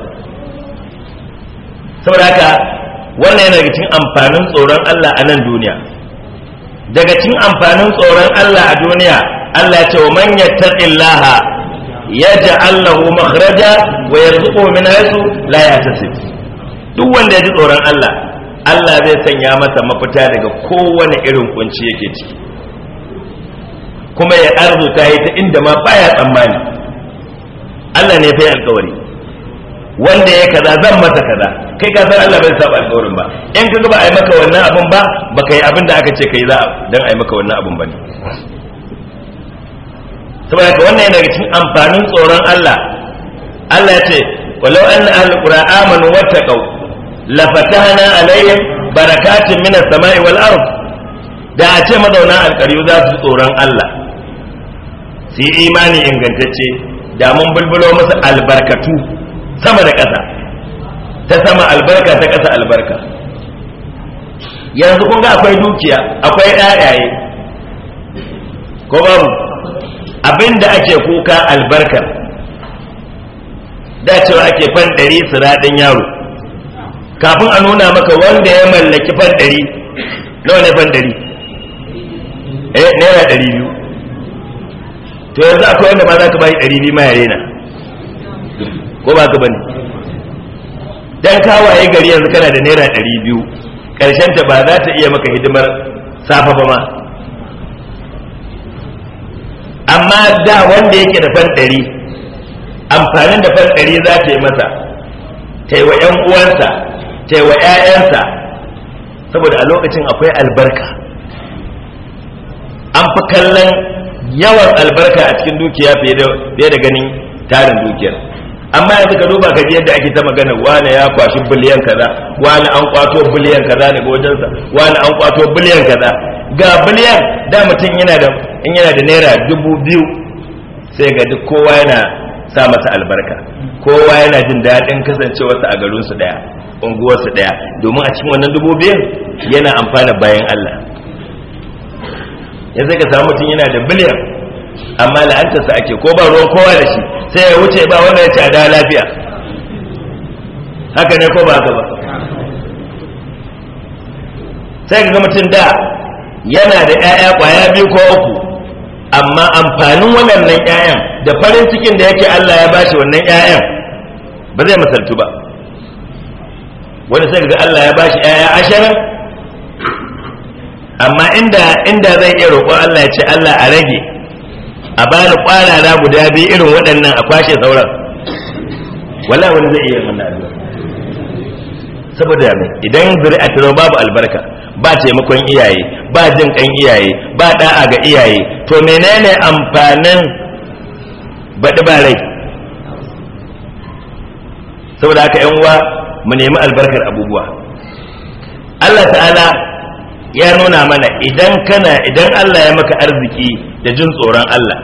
saboda haka wannan yana daga cikin amfanin tsoron Allah a nan duniya daga cikin amfanin tsoron Allah a duniya Allah ya ce wa man yattaqillaha yaj'al lahu makhraja wa yarzuquhu min haythu la yahtasib duk wanda ya ji tsoron Allah Allah zai sanya masa mafita daga kowane irin kunci yake ciki kuma ya arzuta ya ta inda ma baya tsammani Allah ne sai alkawari wanda ya kaza zan masa kaza kai ka san Allah bai saba alkawarin ba in kaga ba a yi maka wannan abun ba baka yi abin da aka ce kai za dan a yi maka wannan abun ba ne saboda ka wannan yana daga cikin amfanin tsoron Allah Allah ya ce walau anna ahlul qura amanu wattaqu la fatahna alaihim barakatin minas sama'i wal ard da a ce mazauna alƙaryu za su tsoron Allah su yi imani ingantacce da mun bulbulo musu albarkatu sama da ƙasa ta sama albarka ta ƙasa albarka yanzu kun akwai dukiya akwai ɗayaye ko babu abin da ake kuka albarkar da cewa ake fan ɗari siraɗin yaro kafin a nuna maka wanda ya mallaki fan ɗari nawa ne fan ɗari eh, naira ɗari biyu to yanzu akwai wanda ba za ka bayi ɗari biyu ma ya ko ba ka bane dan kawaye gari yanzu kana da naira ɗari biyu ƙarshen ta ba za ta iya maka hidimar safa ba ma amma da wanda yake da fan ɗari amfanin da fan ɗari za ta yi masa ta yi wa 'yan uwansa ta yi wa 'ya'yansa saboda a lokacin akwai albarka an fi kallon yawan albarka a cikin dukiya fiye da ganin tarin dukiyar amma yanzu ka duba ka yadda ake ta magana wani ya kwashi biliyan kaza wani an kwato biliyan kaza daga wajensa wani an kwato biliyan kaza ga biliyan da mutum yana da in yana da naira dubu biyu sai ga duk kowa yana sa masa albarka kowa yana jin daɗin kasancewarsa a garinsu ɗaya unguwarsu ɗaya domin a cikin wannan dubu yana amfana bayan Allah ya sai ka samu mutum yana da biliyan amma la'antarsa ake ko ba ruwan kowa da shi sai ya wuce ba wanda ya ci a da lafiya haka ne ko ba haka ba sai ka ga mutum da yana da 'ya'ya ƙwaya biyu ko uku amma amfanin wannan 'ya'yan da farin cikin da yake Allah ya bashi wannan 'ya'yan ba zai misaltu ba wani sai ga Allah ya bashi 'ya'ya ashirin amma inda inda zai iya roƙon Allah ya ce Allah a rage a bani kwarara guda biyu irin waɗannan a kwashe sauran wala wani zai iya wannan abin. saboda me idan zuri'a ta zama babu albarka ba taimakon iyaye ba jin kan iyaye ba da'a ga iyaye to menene amfanin baɗi ba rai saboda haka yan uwa mu nemi albarkar abubuwa Allah ta'ala ya nuna mana idan kana idan Allah ya maka arziki da jin tsoron Allah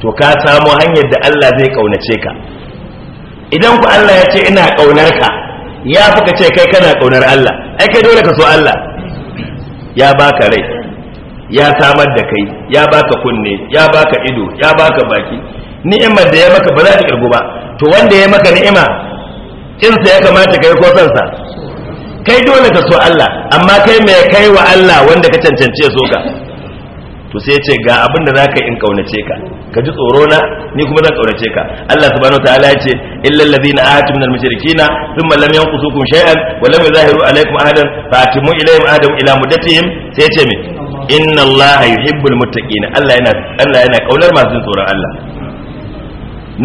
to ka samu hanyar da Allah zai kaunace ka idan ku Allah ya ce ina kaunar ka ya fuka ce kai kana kaunar Allah ai kai dole ka so Allah ya baka rai ya samar da kai ya baka kunne ya baka ido ya baka baki ni'imar da ya maka ba za ta ba to wanda ya maka ni'ima kinsa ya kamata kai ko sansa kai dole ka so Allah amma kai mai kai wa Allah wanda ka cancance so ka to sai ce ga abin da zaka in kaunace ka ka ji tsoro na ni kuma zan kaunace ka Allah subhanahu wataala ya ce illal ladina aatu minal mushrikina thumma lam yanqusukum shay'an wa lam yuzahiru alaykum ahadan fa atimu ilayhim ahadahum ila muddatihim sai ce me inna Allah yuhibbul muttaqin Allah yana Allah yana kaunar masu tsoron Allah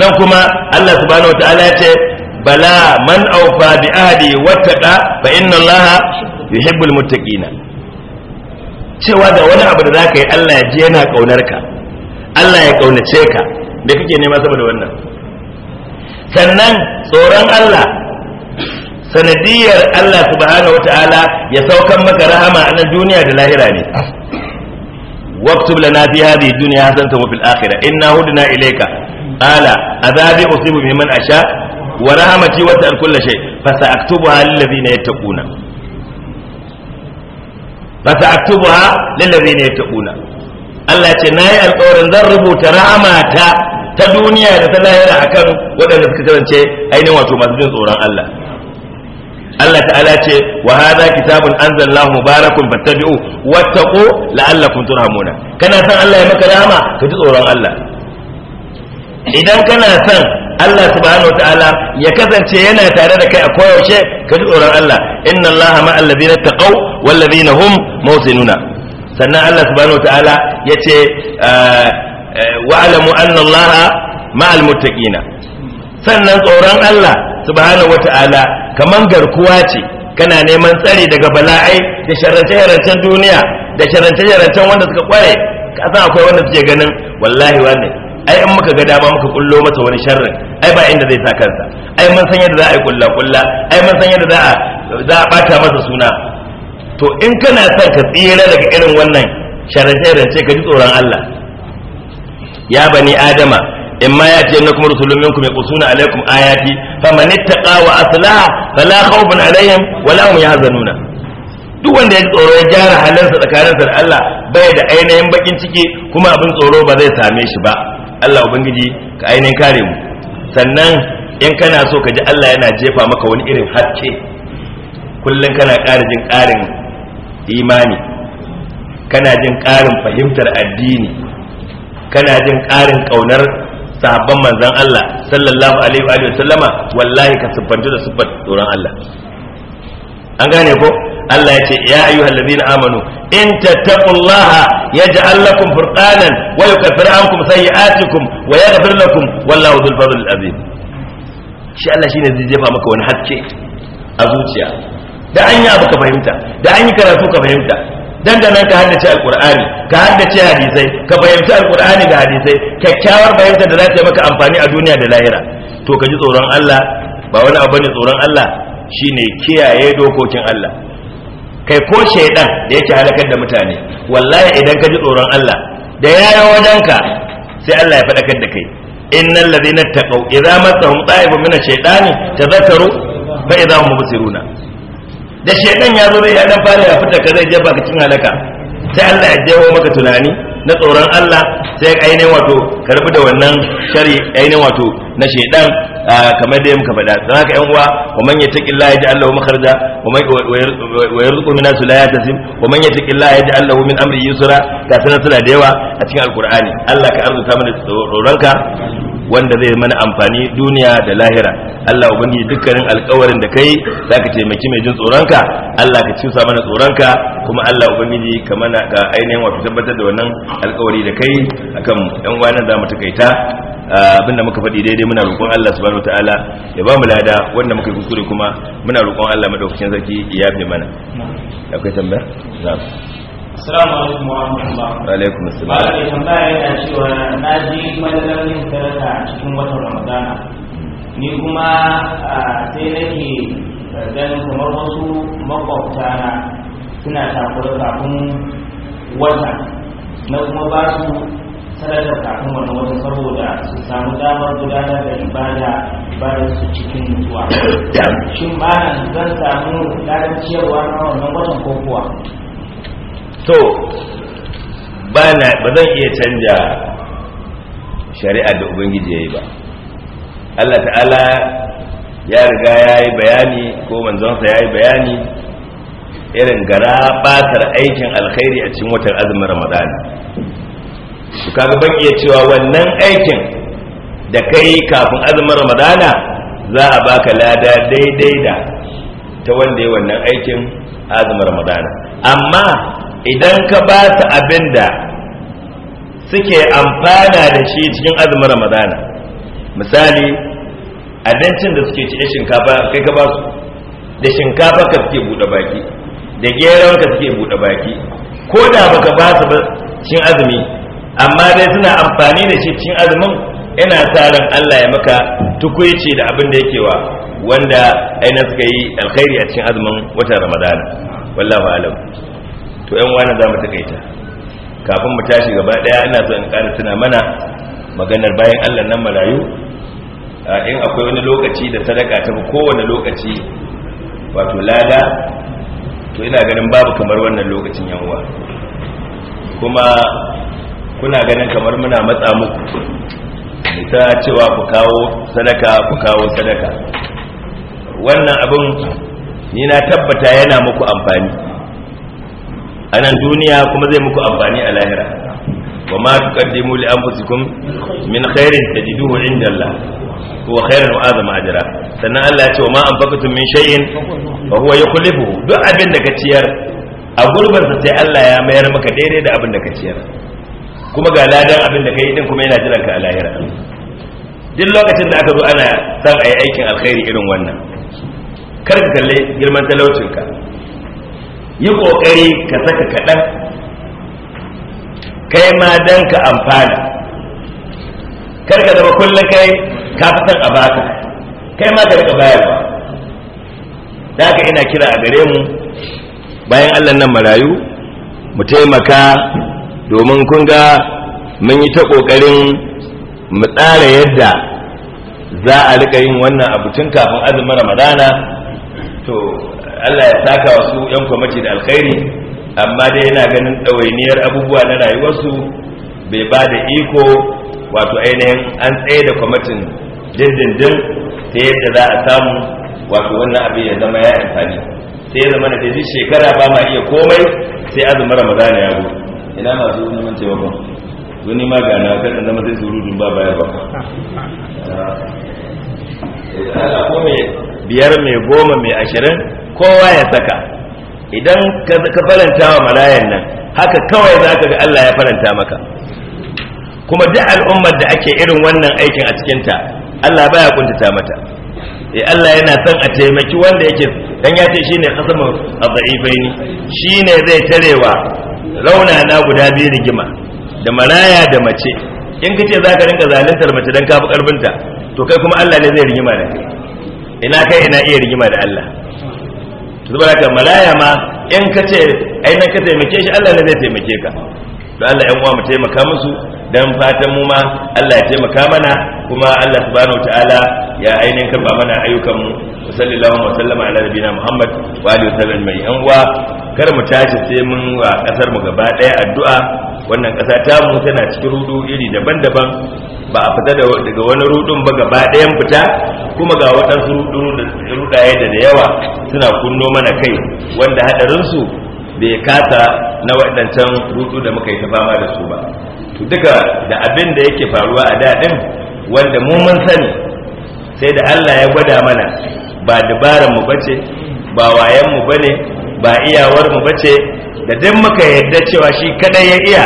nan kuma Allah subhanahu wataala ya ce bala man aufa bi ahdi wattaqa fa inna allaha cewa da wani abu da zaka yi Allah ya ji yana kaunar ka Allah ya kaunace ka da kake nema saboda wannan sannan tsoron Allah sanadiyar Allah subhanahu wataala ya saukan maka rahama a duniya da lahira ne واكتب لنا في هذه الدنيا حسنة وفي الآخرة إنا هدنا إليك قال أذابي أصيب بمن Asha. wa rahmati wa ta'al kulli shay fa sa'aktubuha lil ladina yattaquna fa sa'aktubuha lil ladina yattaquna Allah ce nayi alƙawarin zan rubuta rahamata ta duniya da ta lahira akan waɗanda suka kasance ainihin wato masu jin tsoron Allah Allah ta'ala ce wa hadha kitabun anzalallahu mubarakun fattabi'u wattaqu la'allakum turhamuna kana san Allah ya maka rahama ka ji tsoron Allah idan kana san Allah subhanahu wataala ya kasance yana tare da kai a koyaushe ka ji tsoron Allah inna Allah ma allazina taqaw wal ladina hum muhsinuna sannan Allah subhanahu wataala yace ah, eh, wa'lamu anna Allah ma'al muttaqina sannan tsoron Allah subhanahu wataala kaman garkuwa ce kana neman tsari daga bala'ai da sharance-sharancen duniya da sharance-sharancen wanda suka kware ka akwai wanda suke ganin wallahi wane ai in muka ga dama muka kullo masa wani sharrin ai ba inda zai sa kansa ai mun san yadda za a yi kulla kulla ai mun san yadda za a za a bata masa suna to in kana son ka tsira daga irin wannan da ce ka ji tsoron Allah ya bani adama in ma ya ce innakum rusulun minkum yaqusuna alaikum ayati faman ittaqa wa aslaha fala khawfun wa la hum yahzanuna duk wanda ya ji tsoro ya gyara halinsa tsakaninsa da Allah bai da ainihin bakin ciki kuma abin tsoro ba zai same shi ba Allah ubangiji ka ainihin kare mu sannan in kana so ka ji Allah yana jefa maka wani irin haske kullum kana ƙara jin ƙarin imani kana jin ƙarin fahimtar addini kana jin ƙarin ƙaunar sahabban manzan Allah sallallahu alaihi wa sallama wallahi ka siffantu da siffar tsoron Allah an gane ko Allah ya ce ya ayyuhal ladina amanu in tattaqullaha yaj'al lakum furqanan wa yukaffir ya sayi'atikum wa yaghfir lakum wallahu dhul azim shi Allah ne zai jefa maka wani haske a zuciya da an yi abu ka fahimta da an yi karatu ka fahimta dangana ka haddace alkur'ani ka haddace hadisai ka fahimci alkur'ani da hadisai kyakkyawar fahimta da za ta maka amfani a duniya da lahira to ka ji tsoron Allah ba wani abu ne tsoron Allah shine kiyaye dokokin Allah kai ko shaidan da yake halakar da mutane wallahi idan ka ji tsoron Allah da ya yaya wajenka sai Allah ya faɗakar da kai innal ladhina taqaw idza massahum ta'ibun min ash-shaytani tadhakkaru fa idza hum mubsiruna da shaidan ya zo ya dan fara ya fita ka zai jefa ka cikin halaka sai Allah ya jawo maka tunani na tsoron Allah sai ainihin wato karbi da wannan shari ainihin wato na shaidan kamar da muka faɗa don haka yan uwa wa man yattaqillaha yaj'al lahu makhraja wa man wa yarzuqu min nasu la yahtasib wa man yattaqillaha yaj'al lahu min amri yusra ka sanar da yawa a cikin alqur'ani Allah ka arzuta mana tsoronka wanda zai mana amfani duniya da lahira Allah ubangiji dukkanin alkawarin da kai zaka taimaki mai jin tsoronka Allah ka cusa mana tsoronka kuma Allah ubangiji ka mana ka ainihin wato tabbatar da wannan alkawari da kai akan yan wani da mu takaita abinda muka faɗi daidai muna roƙon Allah subhanahu ta'ala ya ba mu lada wanda muka kuskure kuma muna roƙon Allah madaukakin sarki ya yafe mana akwai tambaya na'am Assalamu alaikum wa rahmatullah. Wa alaikum assalam. Ba da tambaya yana cewa na ji madalar yin sadaka a cikin watan Ramadana. Ni kuma sai nake ganin kamar wasu makwabta na suna takura kafin wata na kuma ba su sadakar kafin wani wata saboda su samu damar gudanar da ibada bayan su cikin mutuwa. Shin ba zan samu lalaciyarwa na wannan watan ko kuwa? to ba zan iya canja shari'a da ubangiji yayi ba allah ta'ala ya riga ya yi bayani ko manzonsa ya yi bayani irin gara batar aikin alkhairi a cikin watan azumin ramadan su kaga ban iya cewa wannan aikin da kai kafin azumin ramadana za a baka lada daidai da ta wanda ya wannan aikin azumin ramadana amma idan ka ba su abin da suke amfana da shi cikin azumin ramadana misali abincin da suke ci da shinkafa kai ka ba su da shinkafa ka suke buɗe baki da geron ka suke buɗe baki ko da baka ba su ba cikin azumi amma dai suna amfani da shi cikin azumin ina sa ran Allah ya maka tukuici da abin da yake wa wanda aina suka yi alkhairi a cikin azumin watan ramadana wallahu alam to yan wani za mu takaita kafin mu tashi gaba ɗaya ina so in ƙara tuna mana maganar bayan Allah nan marayu in akwai wani lokaci da sadaka ta kowane lokaci wato lada to ina ganin babu kamar wannan lokacin yanwa kuma kuna ganin kamar muna matsa muku ta cewa ku kawo sadaka ku kawo sadaka wannan abin ni na tabbata yana muku amfani a nan duniya kuma zai muku amfani a lahira wa ma tuqaddimu li anfusikum min khairin tajiduhu inda Allah huwa khairun wa azama ajra sannan Allah ya ce wa ma anfaqtum min shay'in fa huwa yukhlifu duk abin da ka ciyar a sa sai Allah ya mayar maka daidai da abin da ka ciyar kuma ga ladan abin da kai din kuma yana jiran ka a lahira duk lokacin da aka zo ana san ayi aikin alkhairi irin wannan kar ka kalle girman ka. yi kokari ka saka kaɗan kai ma dan ka amfana kar ka zama kullum kai ka fi a baka kai ma ka rika bayarwa da haka ina kira a gare mu bayan allah nan marayu mu taimaka domin kun ga mun yi ta ƙoƙarin mu tsara yadda za a rika yin wannan abu tun kafin azumin ramadana to Allah ya saka wasu yan kwamiti da alkhairi amma dai yana ganin ɗawainiyar abubuwa na rayuwarsu bai ba da iko wato ainihin an tsaye da kwamitin dindindin ta yadda za a samu wato wannan abin ya zama ya amfani sai ya zama da ta shekara ba ma iya komai sai azumi ramadana ya zo ina masu mance taimakon wani ma ga na kan zama sai surudin ba baya ba eh, Allah biyar mai goma mai ashirin kowa ya saka idan ka faranta wa malayan nan haka kawai za ka ga Allah ya faranta maka kuma duk al'ummar da ake irin wannan aikin a cikinta Allah baya kuntata mata eh Allah yana son a taimaki wanda yake dan ya ce shine khasamu adhaifaini shine zai tarewa rauna na guda biyu rigima da maraya da mace in kace zaka rinka zaluntar mace dan ka fi karfinta to kai kuma Allah ne zai rigima da kai ina kai ina iya rigima da Allah zuba da malaya ma in ka ce na ka taimake shi Allah ne zai taimake ka don Allah yan uwa mu taimaka musu dan fatan mu ma Allah ya taimaka mana kuma Allah subhanahu ta'ala ya ainihin karba mana ayyukan mu sallallahu wa sallama ala nabiyina Muhammad wa alihi sallam mai yan uwa kar mu tashi sai mun wa kasar mu gaba ɗaya addu'a wannan kasa ta mu tana cikin rudu iri daban-daban ba a fita daga wani rudun ba gaba ɗayan fita kuma ga waɗansu rudaye da da yawa suna kunno mana kai wanda haɗarinsu bai kasa na waɗancan rudu da muka yi ta fama da su ba to duka da abin da yake faruwa a daɗin wanda mu mun sani sai da Allah ya gwada mana ba dabaran mu bace ba wayan mu bane ba iyawar mu bace da dan muka yarda cewa shi kadai ya iya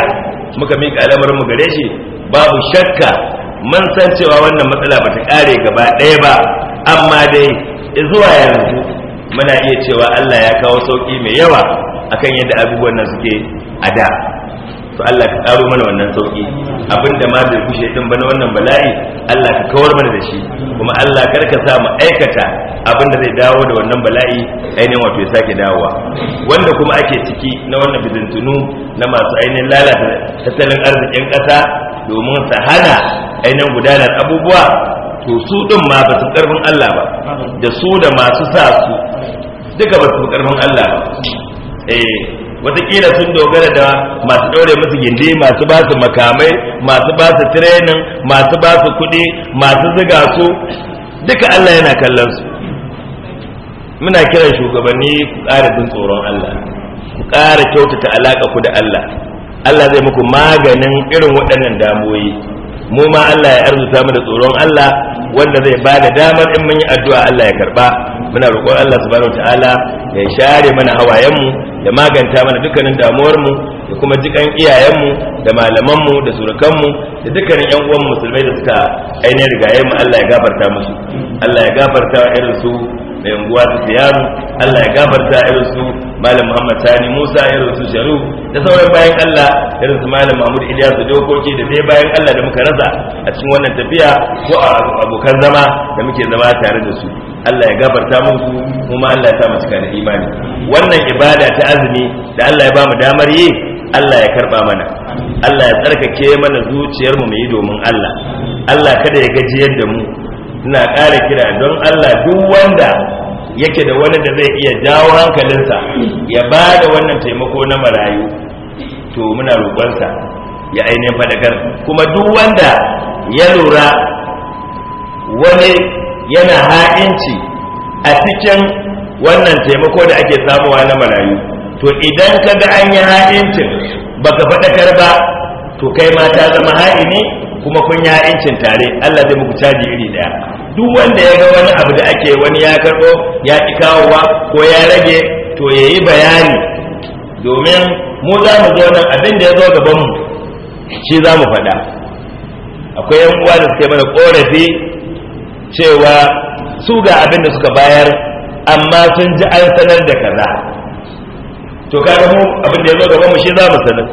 muka mika al'amarin mu gare shi babu shakka mun san cewa wannan matsala ba ta kare gaba ɗaya ba amma dai zuwa yanzu muna iya cewa Allah ya kawo sauƙi mai yawa akan yadda abubuwan nan suke a da to Allah ka karo mana wannan sauki abinda ma bai kushe din ba na wannan bala'i Allah ka kawar mana da shi kuma Allah kar ka sa mu aikata abinda zai dawo da wannan bala'i ainihin wato ya sake dawowa wanda kuma ake ciki na wannan bizantunu na masu ainihin lalata tattalin arzikin ƙasa domin su hana ainihin gudanar abubuwa to su din ma ba su karfin Allah ba da su da masu sa su duka ba su karfin Allah ba eh, watakila sun dogara da masu ɗaure musu gindi masu ba su makamai masu ba su tirenin masu ba su kuɗi masu ziga su duka Allah yana kallon su muna kiran shugabanni ku ƙara jin tsoron Allah ku ƙara kyautata alaƙa ku da Allah Allah zai muku maganin irin waɗannan damuwoyi mu ma Allah ya arzuta mu da tsoron Allah wanda zai ba da damar in mun yi addu'a Allah ya karɓa. muna roƙon Allah subhanahu ta'ala ya share mana hawayenmu ya maganta mana dukkanin damuwarmu da kuma jikan iyayenmu da malamanmu da surukanmu da dukkanin yan uwan musulmai da suka ainihin rigayen Allah ya gafarta musu Allah ya gafarta irin su mai unguwa su siyaru Allah ya gafarta irin su malam Muhammad Sani Musa irin su Sharu da sauran bayan Allah irin su malam Mahmud Ilyas da dokoki da dai bayan Allah da muka rasa a cikin wannan tafiya ko a abokan zama da muke zama tare da su Allah ya gafarta musu kuma Allah ya sa mu cika da imani wannan ibada ta azumi da Allah ya ba mu damar yi Allah ya karba mana Allah ya tsarkake mana zuciyarmu mu yi domin Allah Allah kada ya gajiyar da mu ina ƙara kira don Allah duk wanda yake da wani da zai iya jawo hankalinsa ya ba da wannan taimako na marayu to muna roƙonsa ya ainihin fadakar kuma duk wanda ya lura wani yana ha'inci a cikin wannan taimako da ake samuwa na marayu to idan ka ga an yi ha'incin baka faɗakar ba to kai ma ta zama ha'ini kuma kun ya incin tare Allah zai muku caji iri daya duk wanda ya ga wani abu da ake wani ya karɓo ya ki kawowa ko ya rage to yayi bayani domin mu za mu zo nan abin da ya zo gabanmu shi za mu faɗa akwai yan uwa da suke mana ƙorafi cewa su ga abin da suka bayar amma sun ji an sanar da kaza to kaga mu abin da ya zo gaba mu shi za mu sanar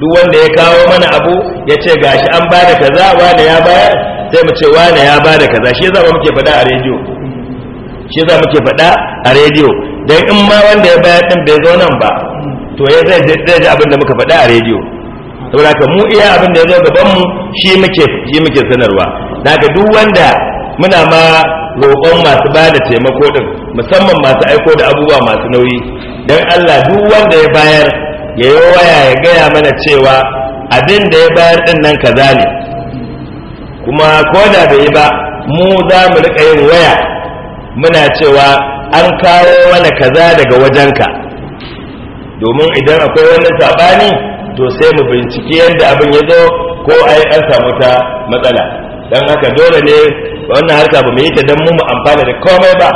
duk wanda ya kawo mana abu ya ce gashi an bada kaza wane ya baya sai mu ce wane ya bada kaza shi yasa muke faɗa a rediyo shi yasa muke faɗa a rediyo dan in ma wanda ya bayar din bai zo nan ba to ya zai zai da abin da muka faɗa a rediyo saboda ka mu iya abin da ya zo gaban mu shi muke shi muke sanarwa daga duk wanda muna ma roƙon masu ba da taimako din musamman masu aiko da abubuwa masu nauyi don Allah duk wanda ya bayar ya yi waya ya gaya mana cewa abin da ya bayar din nan kaza ne kuma ko da bai yi ba mu za mu rika yin waya muna cewa an kawo mana kaza daga wajenka domin idan akwai wani sabani to sai mu bincike yadda abin ya zo ko ai an samu ta matsala don haka dole ne wannan harka ba mu yi ta don mu amfana da komai ba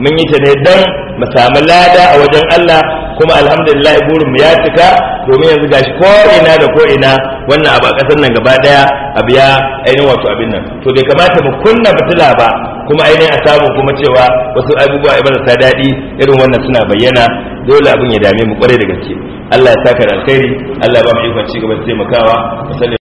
mun yi ta ne dan mu samu lada a wajen Allah kuma alhamdulillah burin mu ya cika domin yanzu gashi ko ina da ko ina wannan abu a kasar nan gaba daya abu ya ainihin wato abin nan to bai kamata mu kunna fitila ba kuma ainihin a samu kuma cewa wasu abubuwa marasa daɗi irin wannan suna bayyana dole abin ya dame mu kwarai da gaske Allah ya saka da alkhairi Allah ya ba mu ikon ci gaba da taimakawa